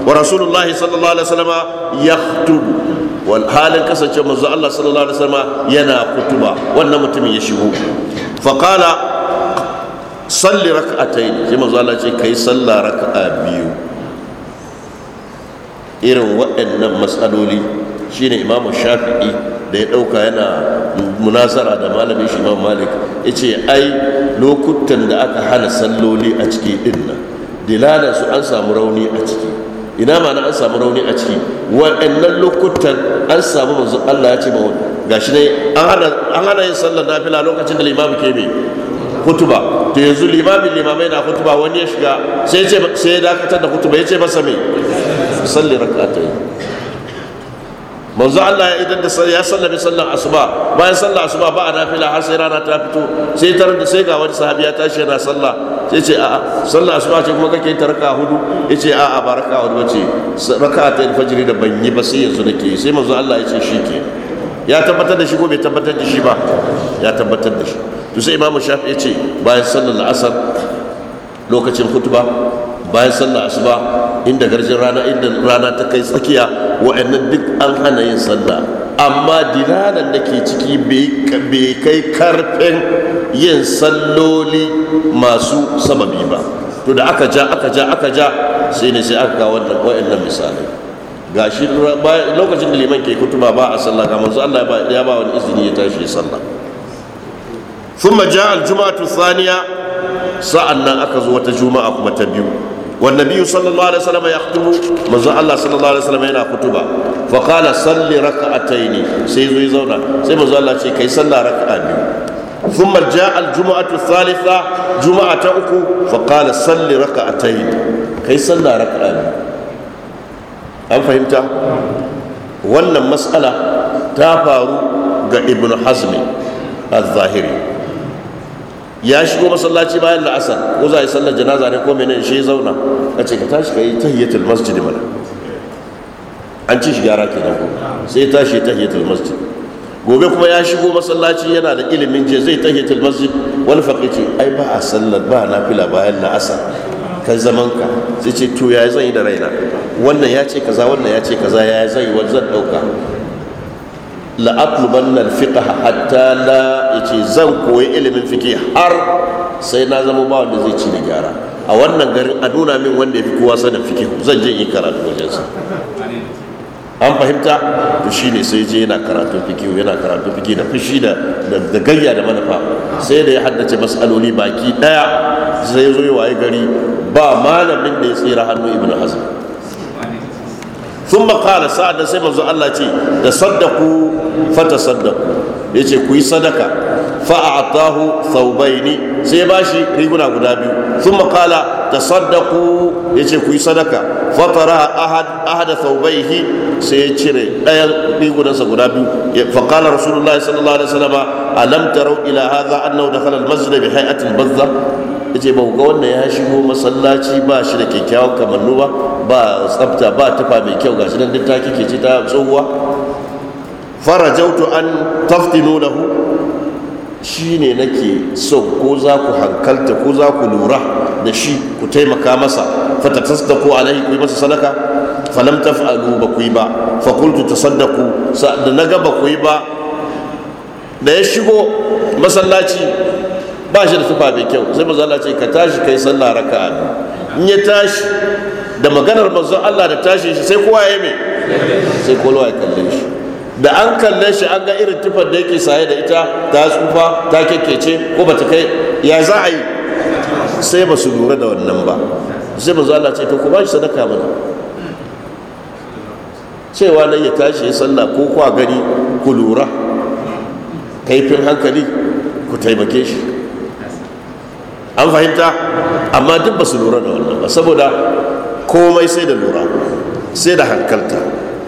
wa rasulullahi sallallahu alaihi wasallama ya tubu wal halin kasance manzo Allah sallallahu alaihi wasallama yana kutuba wannan mutumin ya shigo fa qala salli rak'atayn sai manzo Allah ce kai salla rak'a biyu irin waɗannan matsaloli shine imamu shafi'i da ya ɗauka yana munasara da malami shi imam malik ya ce ai lokutan da aka hana salloli a ciki ɗin nan dilalar su an samu rauni a ciki ina ma na an samu rauni a ciki wa'annan lokutan an samu manzo allah ya ce ma gashi ne an hana yin sallar na fila lokacin da limamu ke mai hutuba to yanzu limamin limamai na hutuba wani ya shiga sai ya dakatar da hutuba ya ce masa mai salli raka'atai manzo Allah ya idan da ya sallame sallar asuba bayan sallar asuba ba a nafila har sai rana ta fito sai tarar da sai ga wani sahabi ya tashi yana sallah sai ce a'a sallar asuba ce kuma kake tarka hudu yace a'a ba raka hudu bace raka ta fajiri da ban yi ba sai yanzu nake sai manzo Allah ya ce shike ya tabbatar da shi ko bai tabbatar da shi ba ya tabbatar da shi to sai imamu shafi ya ce bayan sallan asar lokacin hutuba bayan sallar asuba inda garjin rana inda rana ta kai tsakiya wa'annan duk an hana yin sallah amma dinanan da ke ciki bai kai karfin yin salloli masu sababi ba to da aka ja aka ja aka ja sai ne sai aka kawo wannan wa'annan Ga gashi lokacin da liman ke kutuba ba a sallah kamar su Allah ya ba wani izini ya tashi sallah thumma ja'a al الثانية sa'an nan aka zo wata juma'a kuma ta biyu والنبي صلى الله عليه وسلم يخطب مزن الله صلى الله عليه وسلم ينا خطبة فقال صل ركعتين سيزو يزونا سي مزن الله شيء كي صلى ركعة ثم جاء الجمعة الثالثة جمعة أكو فقال صل ركعتين كي صلى ركعة أم فهمت؟ wannan mas'ala ta faru ga ibn hazmi al-zahiri ya shigo masallaci bayan la'asar ko za a yi sallar janaza ne ko menene shi zauna a ce ka tashi ka yi tahiyyatul masjid mana an ci shigara kenan kuma sai ya tashi tahiyyatul masjid gobe kuma ya shigo masallaci yana da ilimin je zai tahiyyatul masjid wani faƙi ce ai ba a sallar ba na fila bayan la'asar ka zaman ka sai ce to ya zan yi da raina wannan ya ce kaza wannan ya ce kaza ya zan yi wani zan ɗauka la'atlubanna fiqha hatta ya ce zan koyi ilimin fiqh har sai na zama ba wanda zai ci da gyara a wannan garin a nuna min wanda ya fi kowa sanin fiqh zan je yi karatu wajen sa an fahimta to ne sai je yana karatu fiqh yana karatu fiqh da fushi da da gayya da manufa sai da ya haddace mas'aloli baki daya sai ya zo ya wayi gari ba malamin da ya tsira hannu ibnu hazm sun makala sa'adda sai manzo Allah ce da saddaku fata saddaku ya ce ku yi sadaka fa'atahu sau baini sai ba riguna guda biyu sun makala da saddaku ya ce ku yi sadaka fatara ahada sau baihi sai cire ɗayan rigunansa guda biyu fakala rasulullah sallallahu alaihi wasallam alam tarau ila haza annahu dakhala al masjid bi hay'atin bazza ya ce ga wannan ya shigo masallaci ba shi da kyakkyawan kamannu ba ba tsafta ba tufa mai kyau gashi nan ta kike ce ta tsohuwa farajautu an tafti nuna hu shi ne nake so ko za ku hankalta ko za ku lura da shi ku taimaka masa fatatasdaku alaihi ku yi masa sadaka falam taf'alu ba ku yi ba fa qultu tasaddaqu da na ga ba ku yi ba da ya shigo masallaci ba shi da tufa mai kyau sai manzo Allah ce ka tashi kai sallah raka'a in ya tashi da maganar manzon Allah da tashi shi sai kowa ya mai sai kowa ya kalle shi da an kalle shi an ga irin tufar da yake saye da ita ta tsufa ta kekece ko bata kai ya za a yi sai ba su lura da wannan ba sai manzo Allah ce to ku ba shi sadaka mana cewa nan ya tashi ya sallah ko kwa gari ku lura kaifin hankali ku taimake shi an fahimta amma duk ba su lura da wannan ba saboda komai sai da lura sai da hankalta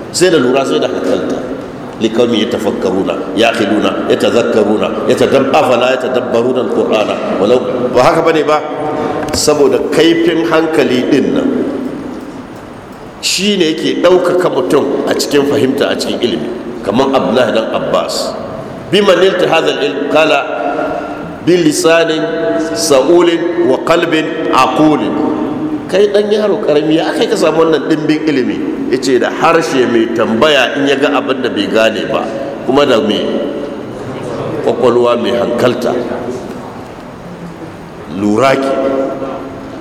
sai da lura sai da hankalta ya ya ya لقوم يتفكرون يعقلون يتذكرون يتدب افلا يتدبرون القران ولو وهكا بني ba. saboda kaifin hankali din nan shine yake ɗaukaka mutum a cikin fahimta a cikin ilimi kamar abdullahi dan abbas biman ilta hadha ilm qala bilisani sa'ulin wa kalbin akulin kai dan yaro karami ya kai ka samu wannan dimbin ilimi Ya ce da harshe mai tambaya in ya ga abin da bai gane ba kuma da mai kwakwalwa mai hankalta lura ki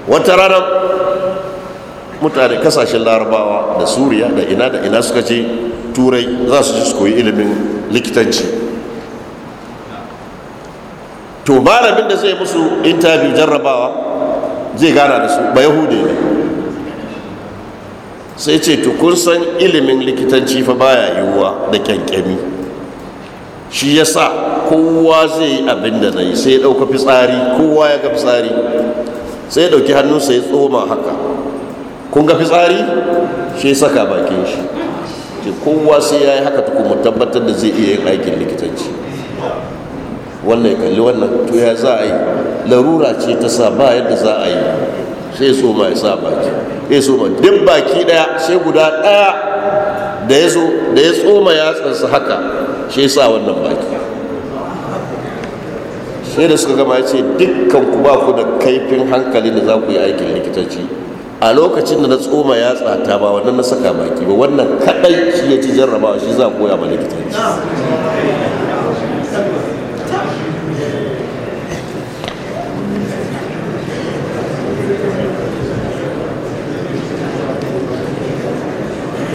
wata ranar mutane kasashen larabawa da suriya da ina da ina suka ce turai za su ji su koyi ilimin likitanci to malamin da zai musu interview jarrabawa zai gana da su ba yahudi ne sai ce to kun san ilimin likitanci fa baya yiwuwa da kyankyami shi ya sa kowa zai yi abin da na yi sai ya ɗauka fitsari kowa ya ga fitsari sai ya ɗauki hannunsa ya tsoma haka kun ga fitsari shi saka bakin shi kowa sai ya yi haka tukun tabbatar da zai iya yin aikin likitanci wannan kalli wannan to ya za a yi larura ce ta sa ba yadda za a yi sai so ma ya sa baki sai so ma duk baki daya sai guda daya da ya zo da ya tsoma tsarsa haka sai sa wannan baki sai da suka gama ya ce dukkan ku ba ku da kaifin hankali da za ku yi aikin likitanci a lokacin da na tsoma ya tsata ba wannan na saka baki ba wannan kadai shi ya ci jarrabawa shi za a koya ma likitanci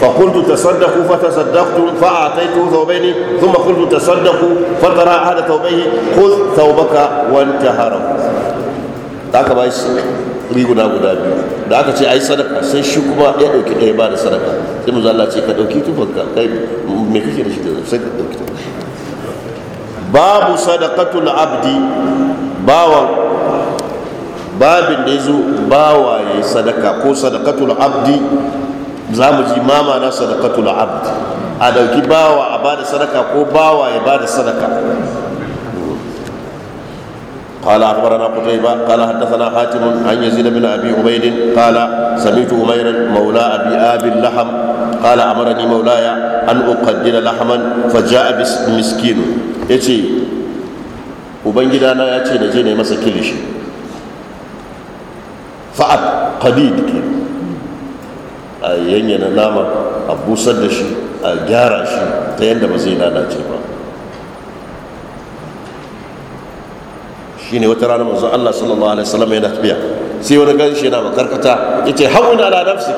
فقلت تصدقوا فتصدقت فأعطيته ثوبين ثم قلت تصدقوا فترى أحد ثوبيه خذ ثوبك وانتهره ذاك بايس riguna guda biyu da aka ce ai sadaka sai shi kuma ya dauki ɗaya ba da sadaka sai mu Allah ce ka dauki tufanka kai me kake da shi da sai ka dauki babu sadaqatul abdi babin da yazo bawaye sadaka ko sadaqatul abdi za mu ji mama na sadaqatul abd a dauki bawa a bada sadaka ko bawa ya bada sadaka قال اخبرنا قتيبه قال حدثنا حاتم عن يزيد بن ابي عبيد قال سمعت اميرا مولى ابي ابي اللحم قال امرني مولاي ان اقدر لحما فجاء مسكين يجي وبنجدانا يجي نجي نمسك كل شيء فأب قديد كده a yanyana nama a busar da shi a gyara shi ta yadda ba zai lalace ba Shi ne wata rana manzo Allah sallallahu alaihi wasallam yana tafiya sai wani ganshi yana makarkata yace hawuna ala nafsi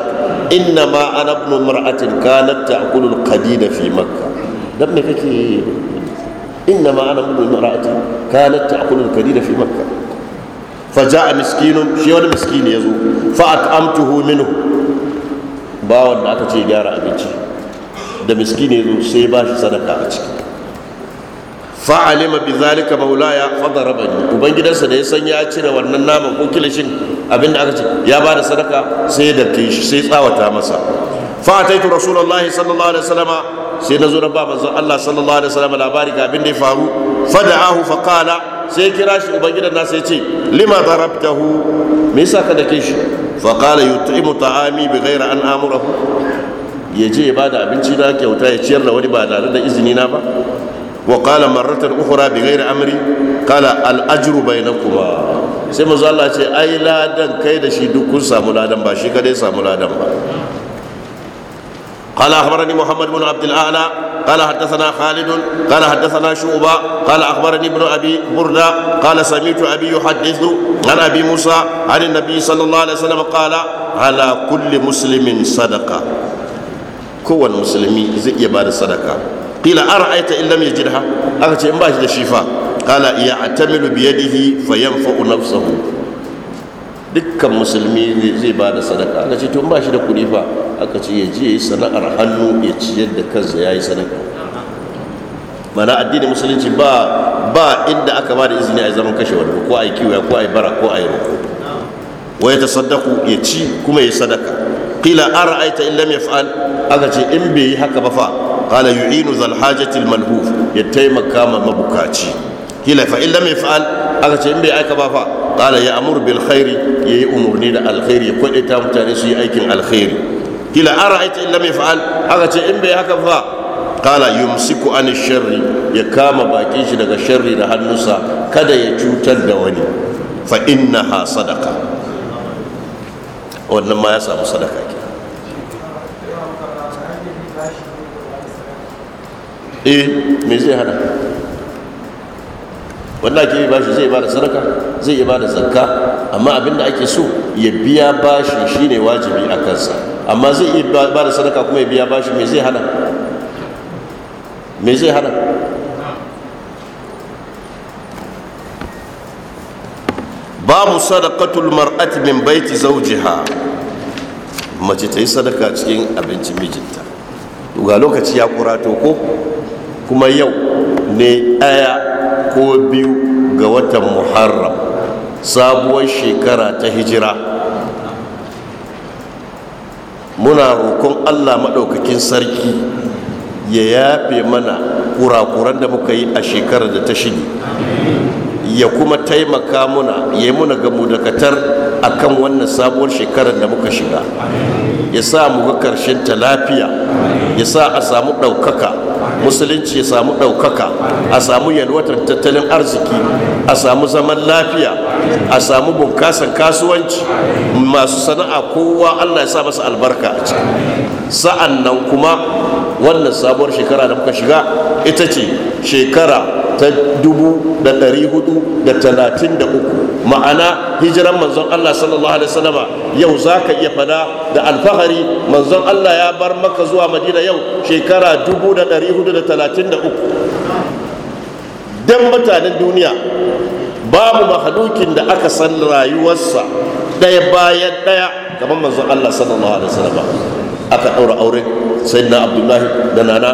inna ma ana ibn mar'atin kanat ta'kulu al-qadid fi makkah dan me kake inna ma ana ibn mar'atin kanat ta'kulu al-qadid fi makkah faja'a miskinun shi wani miskini yazo fa at'amtuhu minhu bawan da aka ce gyara abinci da miskin zo sai ba shi sadaka a ciki fa'alima bi zalika maulaya fadara bani ubangidansa da ya san ya cire wannan naman ko kilishin abinda aka ce ya ba da sadaka sai da shi sai tsawata masa fa'ataitu rasulullahi sallallahu alaihi wasallama sai na zo na ba manzon Allah sallallahu alaihi wasallama labari ga abin da ya faru fada'ahu faqala sai kira shi ubangidan na ya ce lima darabtahu me yasa ka dake shi fa qala yut'imu ta'ami bighairi an amurahu ya je ya bada abinci na kyauta ya ciyar da wani ba tare da izini na ba wa qala marratan ukhra bighairi amri qala al ajru bainakuma sai manzo Allah ce ai ladan kai da shi duk kun samu ladan ba shi kadai samu ladan ba قال أخبرني محمد بن عبد الأعلى قال حدثنا خالد قال حدثنا شعبة قال أخبرني ابن أبي بردة قال سمعت أبي يحدث عن أبي موسى عن النبي صلى الله عليه وسلم قال على كل مسلم صدقة كون مسلمي زي يبار صدقة قيل أرأيت إن لم يجدها أخذت إن باش الشفاء قال يعتمل بيده فينفع نفسه دكا مسلمي زي بعد صدقة أخذت إن باش الكلفة aka ce ya je ya yi sana'ar hannu ya ciyar da kansa ya yi sadaka mana addinin musulunci ba ba inda aka ba da izini a zaman kashe wani ko a yi kiwo ko a yi bara ko a yi roƙo wa ya tasaddaku ya ci kuma ya sadaka qila ara'aita in lam yaf'al aka ce in bai yi haka ba fa qala yu'inu zal hajati al malhuf ya taimaka ma mabukaci qila fa in lam yaf'al aka ce in bai aika ba fa qala ya amur bil khairi yayi umurni da alkhairi ya kwadaita mutane su yi aikin alkhairi kila ara'aita in lam yaf'al haka ce in bai haka fa qala yumsiku an sharri ya kama bakin shi daga sharri da hannusa. kada ya cutar da wani fa innaha sadaka wannan ma ya samu sadaka ke eh me zai hada? wanda ke bashi zai bada sadaka zai iya bada zakka amma abinda ake so ya biya bashi shine wajibi a kansa amma zai iya ba da sadaka kuma ya biya bashi me zai hana me zai hana babu sadaqatul mar'ati min baiti zawjiha mace ta yi sadaka cikin abinci mijinta ga lokaci ya kurato ko kuma yau ne ɗaya ko biyu ga watan muharram sabuwar shekara ta hijira muna roƙon allah maɗaukakin sarki ya yafe mana kurakuran da muka yi a shekarar da ta shige ya kuma taimaka muna ya yi muna gamu da katar. akan wannan sabuwar shekarar da muka shiga ya sa mu ga karshen ta lafiya ya sa a samu ɗaukaka musulunci ya samu ɗaukaka a samu yalwatar tattalin arziki a samu zaman lafiya a samu bunkasan kasuwanci masu sana'a kowa allah ya sa masa albarka a ciki sa'an nan kuma wannan sabuwar shekara da muka shiga ita ce shekara ta dubu da da da hudu talatin uku ma'ana hijiran manzon Allah sallallahu alaihi wasallama yau za ka iya fada da alfahari manzon Allah ya bar maka zuwa madina yau shekara dubu da da da hudu talatin uku don mutanen duniya babu mahalukin da aka san rayuwarsa ɗaya bayan ɗaya gaban manzon Allah sallallahu alaihi wasallama aka ɗaura aure sai na abdullahi da nana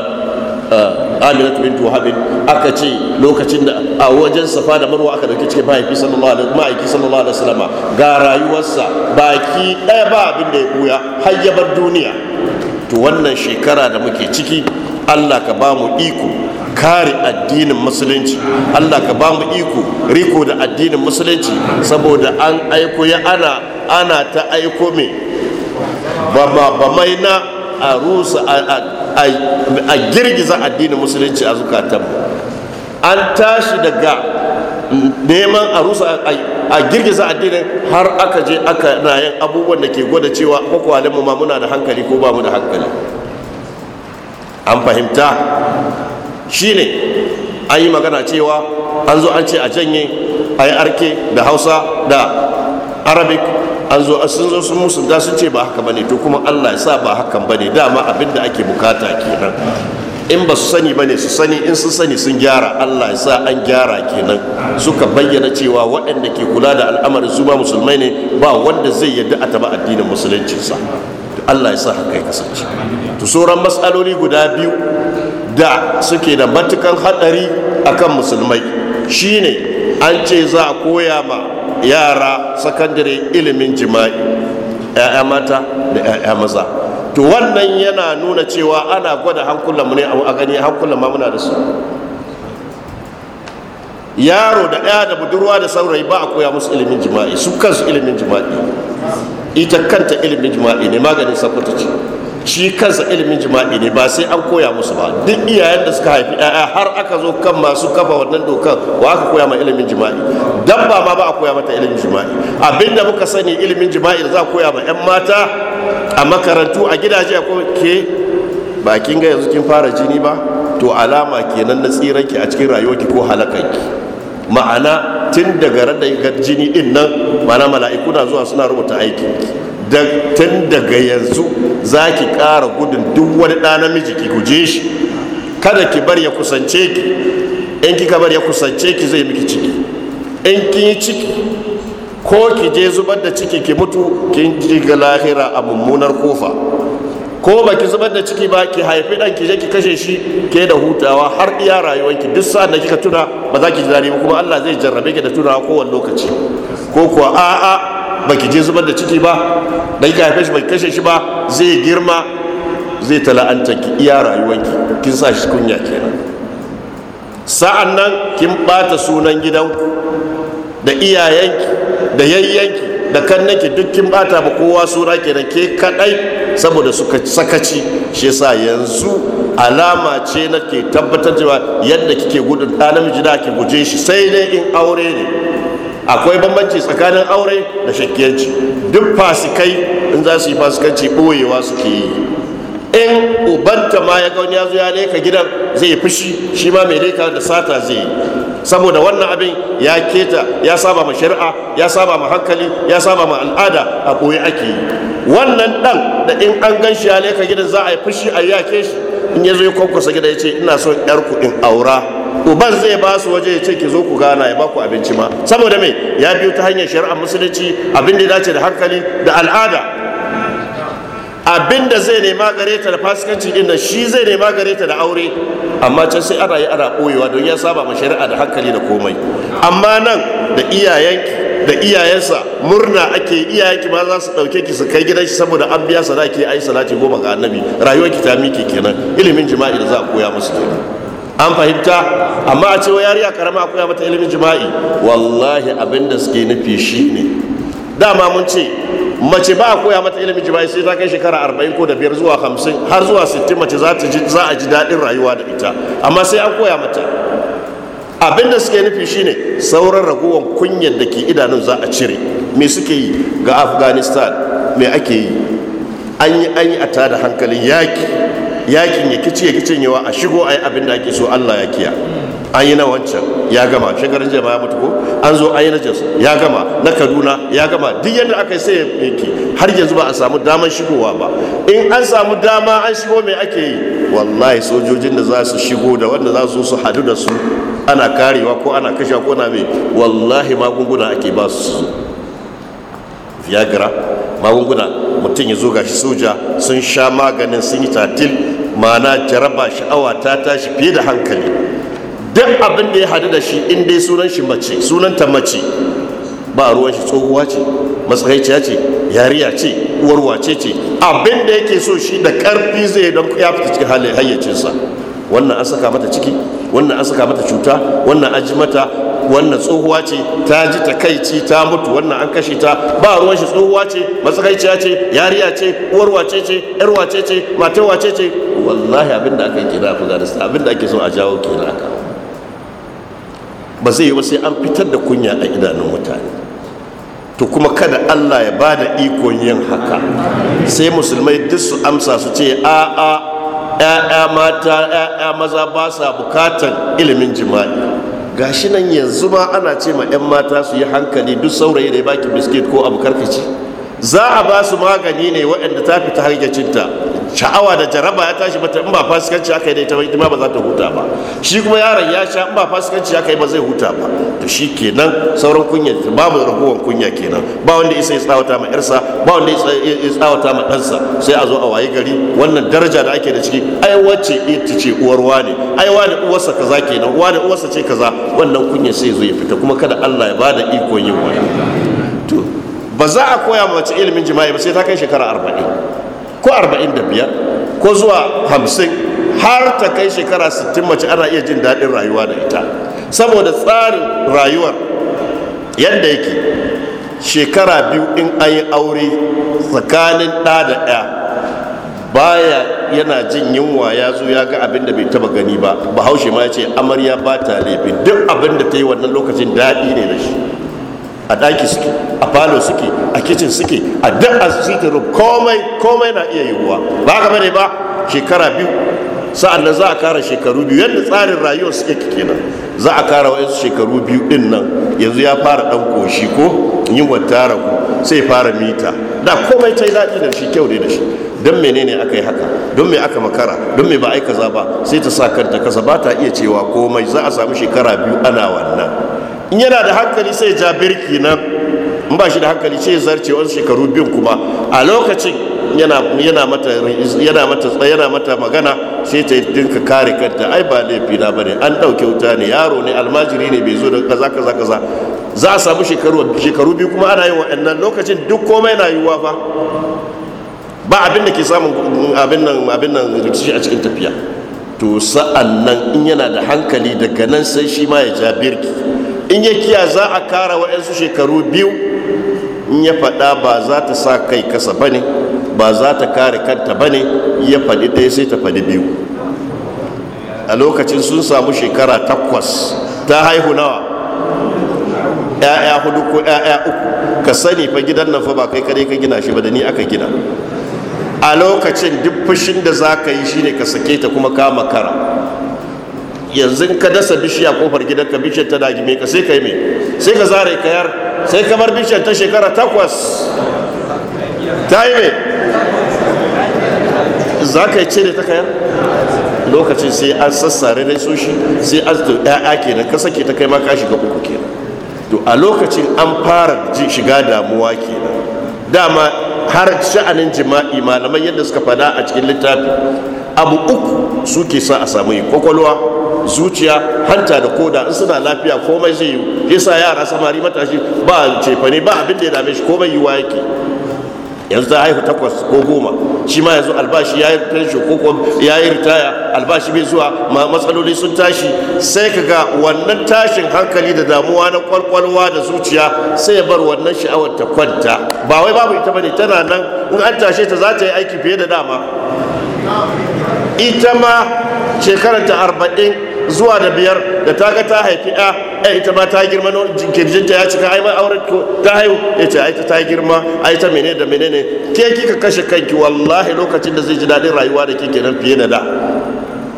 eh, amilat bintu wahab aka ce lokacin da a wajen safa da marwa aka dauki cikin mahaifi sallallahu alaihi wasallam ga rayuwarsa baki daya ba abin da ya buya har ya bar duniya to wannan shekara da muke ciki Allah ka ba mu iko kare addinin musulunci allah ka ba mu iko riko da addinin musulunci saboda an aiko ya ana ana ta aiko mai ba mai na a rusa a girgiza addinin musulunci a zukatan an tashi daga neman a rusa a girgiza addinin har aka je aka na abubuwan da ke gwada cewa kwakwalen mu ma muna da hankali ko ba mu da hankali an fahimta shine an yi magana cewa an zo an ce a janye a yi arke da hausa da arabic an zo sun zo sun musu da sun ce ba haka bane to kuma Allah ya sa ba hakan bane dama abin da ake bukata kenan in ba su sani bane su sani in sun sani sun gyara Allah ya sa an gyara kenan suka bayyana cewa waɗanda ke kula da al'amari su ba musulmai ne ba wanda zai yadda a taba addinin musuluncinsa Allah ya sa haka ya kasance to sauran matsaloli guda biyu da suke da matukan hadari akan musulmai shine an ce za a koya ma yara sakandare ilimin jima'i 'ya'ya mata da 'ya'ya maza to wannan yana nuna cewa ana gwada hankulanmu ne a gani hankulan ma muna da su yaro da ɗaya da budurwa da saurayi ba a koya musu ilimin jima'i su kansu ilimin jima'i ita kanta ilimin jima'i ne maganin sakwata ce shi kansa ilimin jima'i ne ba sai an koya musu ba duk iyayen da suka haifi ɗaya har aka zo kan masu kafa wannan dokar wa aka koya ma ilimin jima'i dabba ma ba a koya mata ilimin jima'i abinda muka sani ilimin jima'i da za a koya ma 'yan mata a makarantu a gidaje a ke bakin ga yanzu kin fara jini ba to alama kenan na tsiranki a cikin rayuwarki ko halakanki ma'ana tun daga rada jini din nan ma'ana mala'iku na zuwa suna rubuta aikinki tun daga yanzu za ki ƙara gudun duk wani ɗa namiji ki guje shi kada ki bar ya kusance ki in kika bar ya kusance ki zai miki ciki in kin yi ciki ko ki je zubar da ciki ki mutu kin ji ga lahira a mummunar kofa ko ba ki zubar da ciki ba ki haifi ɗan ki je ki kashe shi ke da hutawa har iya rayuwarki duk sa'an da kika tuna ba za ki ji daɗi kuma Allah zai jarrabe ki da tunawa kowane lokaci ko kuwa a'a baki je zubar da ciki ba Da ka haife shi baki kashe shi ba zai girma zai tala'anta ki iya rayuwanki. kin sa shi kunya kenan sa'an nan kin bata sunan gidan, da iyayenki da yayyanki da kannanki duk kin bata ba kowa sura kenan ke kadai saboda suka sakaci shi yasa yanzu alama ce na ke tabbatar cewa yadda kike gudun ɗan namiji da ke guje shi sai dai in aure ne akwai bambanci tsakanin aure da shakkiyarci duk fasikai in za su yi fasikanci ɓoyewa suke yi in ubanta ma ya gauni ya zo ya leka gidan zai fushi shi ma mai leka da sata zai yi saboda wannan abin ya keta ya saba ma shari'a ya saba ma hankali ya saba ma al'ada a ɓoye ake yi wannan ɗan da in an gan shi ya leka gidan za a yi fushi a yi yake shi in ya zo ya kwankwasa gida ya ce ina son yar kuɗin aura uban zai ba su waje ya ce ki zo ku gana ya ba ku abinci ma saboda me ya biyo ta hanyar shari'ar musulunci abin da dace da hankali da al'ada abin da zai nema gare ta da fasikanci din nan shi zai nema gare ta da aure amma can sai ana yi ana koyewa don ya saba ma shari'a da hankali da komai amma nan da iyayenki da iyayensa murna ake iyayenki ma za su dauke ki su kai gidan shi saboda an biya sadaki ai salati goma ga annabi rayuwarki ta miki kenan ilimin jima'i da za a koya musu kenan an fahimta amma a cewa yariya karama koya mata ilimin jima'i wallahi abin da suke nufi ne. dama mun ce mace ba a koya mata ilimin jima'i sai ta kai shekara arba'in ko da biyar zuwa hamsin har zuwa sittin mace za a ji daɗin rayuwa da ita amma sai an koya mata abin da suke nufi ne sauran ragowar kunyar da ke idanun za a cire me suke yi ga afghanistan me ake yi an yi an yi a tada hankalin yaki yakin ya kici ya kicin yawa a shigo a yi abin da ake so allah ya kiya an yi na wancan ya gama shekarun jama'a mutu ko an zo an yi na jos ya gama na kaduna ya gama duk yadda aka sai ya yake har yanzu ba a samu damar shigowa ba in an samu dama an shigo mai ake yi wallahi sojojin da za su shigo da wanda za su su hadu da su ana karewa ko ana kashe ko na mai wallahi magunguna ake ba su viagra magunguna mutum ya zo ga shi soja sun sha maganin sun yi tatil ma'ana jaraba sha'awa ta tashi fiye da hankali duk abin da ya hadu da shi in dai sunan shi mace sunan ta mace ba ruwan shi tsohuwa ce matsakaiciya ce yariya ce uwar ce ce abin da yake so shi da karfi zai don ya fita cikin hayyacinsa wannan an saka mata ciki wannan an saka mata cuta wannan an ji mata wannan tsohuwa ce ta ji takaici ta mutu wannan an kashe ta ba ruwan shi tsohuwa ce matsakaiciya ce yariya ce uwar wace ce yar wace ce matar wace ce wallahi abinda aka yi kira abin abinda ake so a jawo kira ka ba zai yi ba sai an fitar da kunya a idanun mutane to kuma kada Allah ya bada ikon yin haka sai musulmai duk su amsa su ce a a ya'ya mata ya'ya maza ba sa bukatan ilimin jima'i gashi nan yanzu ma ana ce ma 'yan mata su yi hankali duk saurayi da ya baki biskit ko abu karkaci za a ba su magani ne waɗanda ta fita hayyacinta sha'awa da jaraba ya tashi mata in ba fasikanci aka yi da ita ba ita ma ba za ta huta ba shi kuma yaron ya sha in ba fasikanci aka yi ba zai huta ba to shi kenan sauran kunya babu ragowar kunya kenan ba wanda isa ya tsawata ma yarsa ba wanda ya tsawata ma ɗansa sai a zo a wayi gari wannan daraja da ake da ciki ai wacce ita ce uwar wane ai wane uwarsa kaza kenan wane uwarsa ce kaza wannan kunya sai zo ya fita kuma kada Allah ya bada ikon yin wani to ba za a koya mace ilimin jima'i ba sai ta kai shekara arba'in ko biyar, ko zuwa hamsin, har ta kai shekara sittin mace ana iya jin daɗin rayuwa da ita saboda tsarin rayuwar yadda yake shekara biyu in an yi aure tsakanin ɗa da ɗaya baya yana jin yunwa ya zo ya ga abin da bai taba gani ba bahaushe ma ya ce amarya ba ta laifin duk abin da ta yi wannan lokacin daɗi ne da shi a ɗaki suke a falo suke a kicin suke a duk a su room komai komai na iya yiwuwa ba ka bane ba shekara biyu sa'an nan za a kara shekaru biyu yadda tsarin rayuwar suke nan, za a kara wa'yansu shekaru biyu din nan yanzu ya fara ɗan koshi ko yin wata sai fara mita da komai ta yi daɗi da shi kyau da shi don menene aka yi haka don me aka makara don me ba aika za ba sai ta sa kanta kasa ba ta iya cewa komai za a samu shekara biyu ana wannan in yana da hankali sai ja birki nan in ba shi da hankali sai zarce wasu shekaru biyu kuma a lokacin yana mata magana sai ta dinka kare kanta ai ba laifi na bane an dauke wuta ne yaro ne almajiri ne bai zo da kaza kaza kaza za a samu shekaru shekaru biyu kuma ana yin wa'annan lokacin duk komai na yiwuwa fa ba abin da ke samun abin nan abin nan a cikin tafiya to sa'an nan in yana da hankali daga nan sai shi ma ya ja birki in ya kiya za a kara wa yansu shekaru biyu in ya faɗa ba za ta sa kai kasa ba ba za ta kare kanta ba ne ya faɗi ɗaya sai ta faɗi biyu a lokacin sun samu shekara takwas ta haihu nawa ‘ya'ya hudu ko ‘ya'ya uku ka sani fa gidan nan fa ba kai kare ka gina shi ba da ni aka gina a lokacin duk fushin da za ka yi shine ka sake ta kuma kama kara. yanzu ka dasa bishiya kofar gidanka bishiyar ta dagime ka sai ka yi mai sai ka zare yar, sai bar bishiyar ta shekara takwas ta yi mai za ka yi cire ta kayar lokacin sai an sassare dai so shi sai an to ɗaya da, ka sake ta kai ma ka shiga uku ke to a lokacin an fara shiga damuwa Da dama har sha'anin jima'i malamai yadda suka fada a cikin littafi abu uku suke sa a samu kwakwalwa zuciya hanta da koda in suna lafiya komai zai yi yasa yara samari matashi ba cefane ba abin da ya dame shi komai yiwa yake yanzu ta haihu takwas ko goma shi ma yanzu albashi ya yi fensho ko ya yi ritaya albashi bai zuwa matsaloli sun tashi sai ka ga wannan tashin hankali da damuwa na kwalkwalwa da zuciya sai ya bar wannan sha'awar ta kwanta ba wai babu ita bane tana nan in an tashe ta za ta yi aiki fiye da dama ita ma shekarar arba'in zuwa da biyar da ta ga ta haifi ya ai ita ba ta girma kirjinta ya cika ai ma auren ta haihu ya ce ai ta ta girma ai ta menene da menene ke kika kashe kanki wallahi lokacin da zai ji daɗin rayuwa da kike nan fiye da da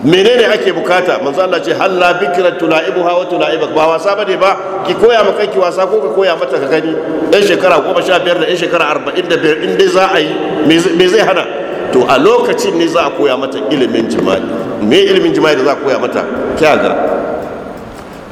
menene ake bukata manzo Allah ce halla bikra tulaibuha wa tulaibak ba wasa bane ba ki koya maka ki wasa ko ka koya mata ka gani dan shekara 15 da dan shekara 45 in dai za a yi me zai hana to a lokacin ne za a koya mata ilimin jima'i me ilimin jima'i da za a koya mata kyaga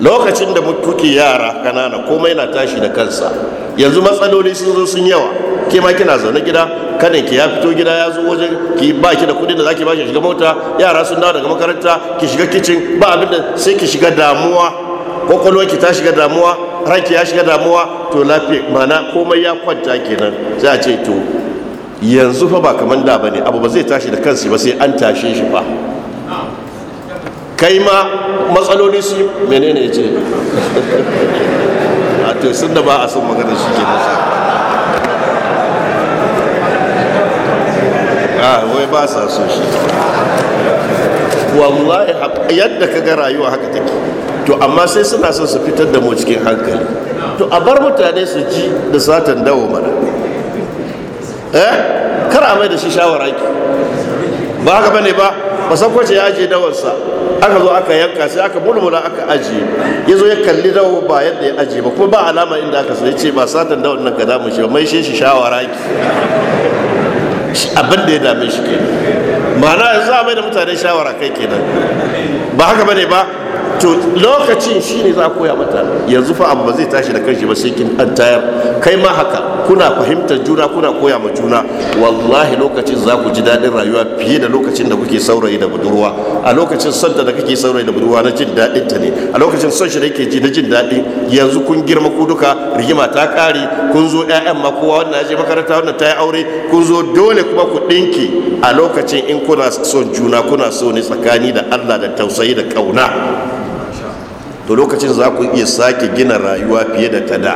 lokacin da kuke yara kanana komai na tashi da kansa yanzu matsaloli sun zo sun yawa ke ma kina zaune gida kanin ki ya fito gida ya zo wajen ki ba ki da kuɗi da zaki ba shi shiga mota yara sun dawo daga makaranta ki shiga kicin ba abin da sai ki shiga damuwa kwakwalwar ki ta shiga damuwa ranki ya shiga damuwa to lafiya mana komai ya kwanta kenan sai a ce to yanzu fa ba kamar da bane abu ba zai tashi da kansu ba sai an tashe shi ba kai ma matsaloli su menene ce a <laughs> to sun da ba a son magana shi ke nasa a ah, wai ba sa so shi wallahi yadda ka ga rayuwa haka take to amma sai suna son su fitar da mu cikin hankali to a bar mutane su ji da satan dawo mana eh a mai da shi ki ba haka bane ba ba san kwace ya ajiye dawarsa aka zo aka yanka sai aka mulmula aka ajiye ya zo ya kalli dawo ba yadda ya ajiye ba kuma ba alama inda aka sai ce ba satan dawa nan ka damu shi ba mai shi shawaraki abin da ya dame shi kai ma'ana yanzu a mai da mutane shawara kai kenan ba haka bane ba to lokacin shi ne za a koya mata yanzu fa amma zai tashi da kanshi ba sai kin an tayar kai ma haka kuna fahimtar juna kuna koya ma juna wallahi lokacin za ku ji daɗin rayuwa fiye da lokacin da kuke saurayi da budurwa a lokacin son da kake saurayi da budurwa na jin daɗin ta ne a lokacin son shi da yake ji na jin daɗi yanzu kun girma ku duka rigima ta ƙare kun zo ƴaƴan ma kowa wannan ya je makaranta wannan ta yi aure kun zo dole kuma ku ɗinki a lokacin in kuna son juna kuna so ne tsakani da Allah da tausayi da kauna to lokacin za ku iya sake gina rayuwa fiye da ta da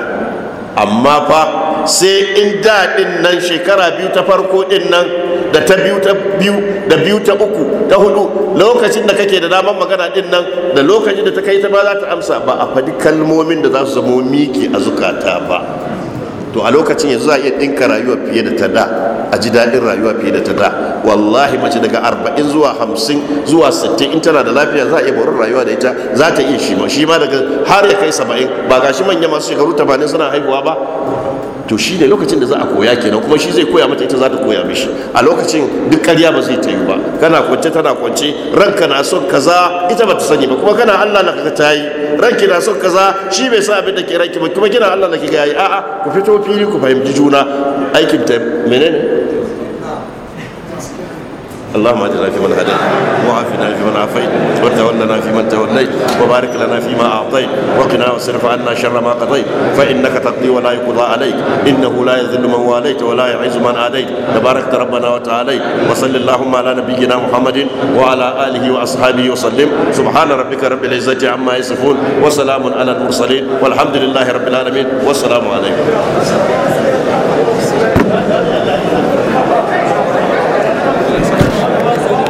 amma fa sai in daɗin nan shekara biyu ta farko ɗin nan da ta biyu ta biyu da biyu ta uku ta hudu lokacin da kake da daman magana ɗin nan da lokacin da ta kai ta ba za ta amsa ba a faɗi kalmomin da za su zamo miki a zukata ba to a lokacin yanzu za a iya ɗinka rayuwa fiye da ta da a ji daɗin rayuwa fiye da ta da wallahi mace daga arba'in zuwa hamsin zuwa sittin in tana da lafiya za a iya borin rayuwa da ita za ta iya shi ma shi ma daga har ya kai saba'in ba shi manya masu shekaru tamanin suna haihuwa ba to shi ne lokacin da za a koya kenan kuma shi zai koya mata ita za ta koya mishi a lokacin duk karya ba zai ta yi ba kana kwance tana kwance ranka na son kaza ita ba ta sani ba kuma kana Allah na kaka ta yi ranki na son kaza shi bai sa abin da ke ranki ba kuma kina Allah na kika yi a'a ku fito fili ku fahimci juna aikin ta menene اللهم اجعلنا في من هديت وعافنا في من عافيت وتولنا في من توليت وبارك لنا فيما اعطيت وقنا واصرف عنا شر ما قضيت فانك تقضي ولا يقضى عليك انه لا يذل من واليت ولا يعز من عليك تباركت ربنا وتعاليت وصل اللهم على نبينا محمد وعلى اله واصحابه وسلم سبحان ربك رب العزه عما يصفون وسلام على المرسلين والحمد لله رب العالمين والسلام عليكم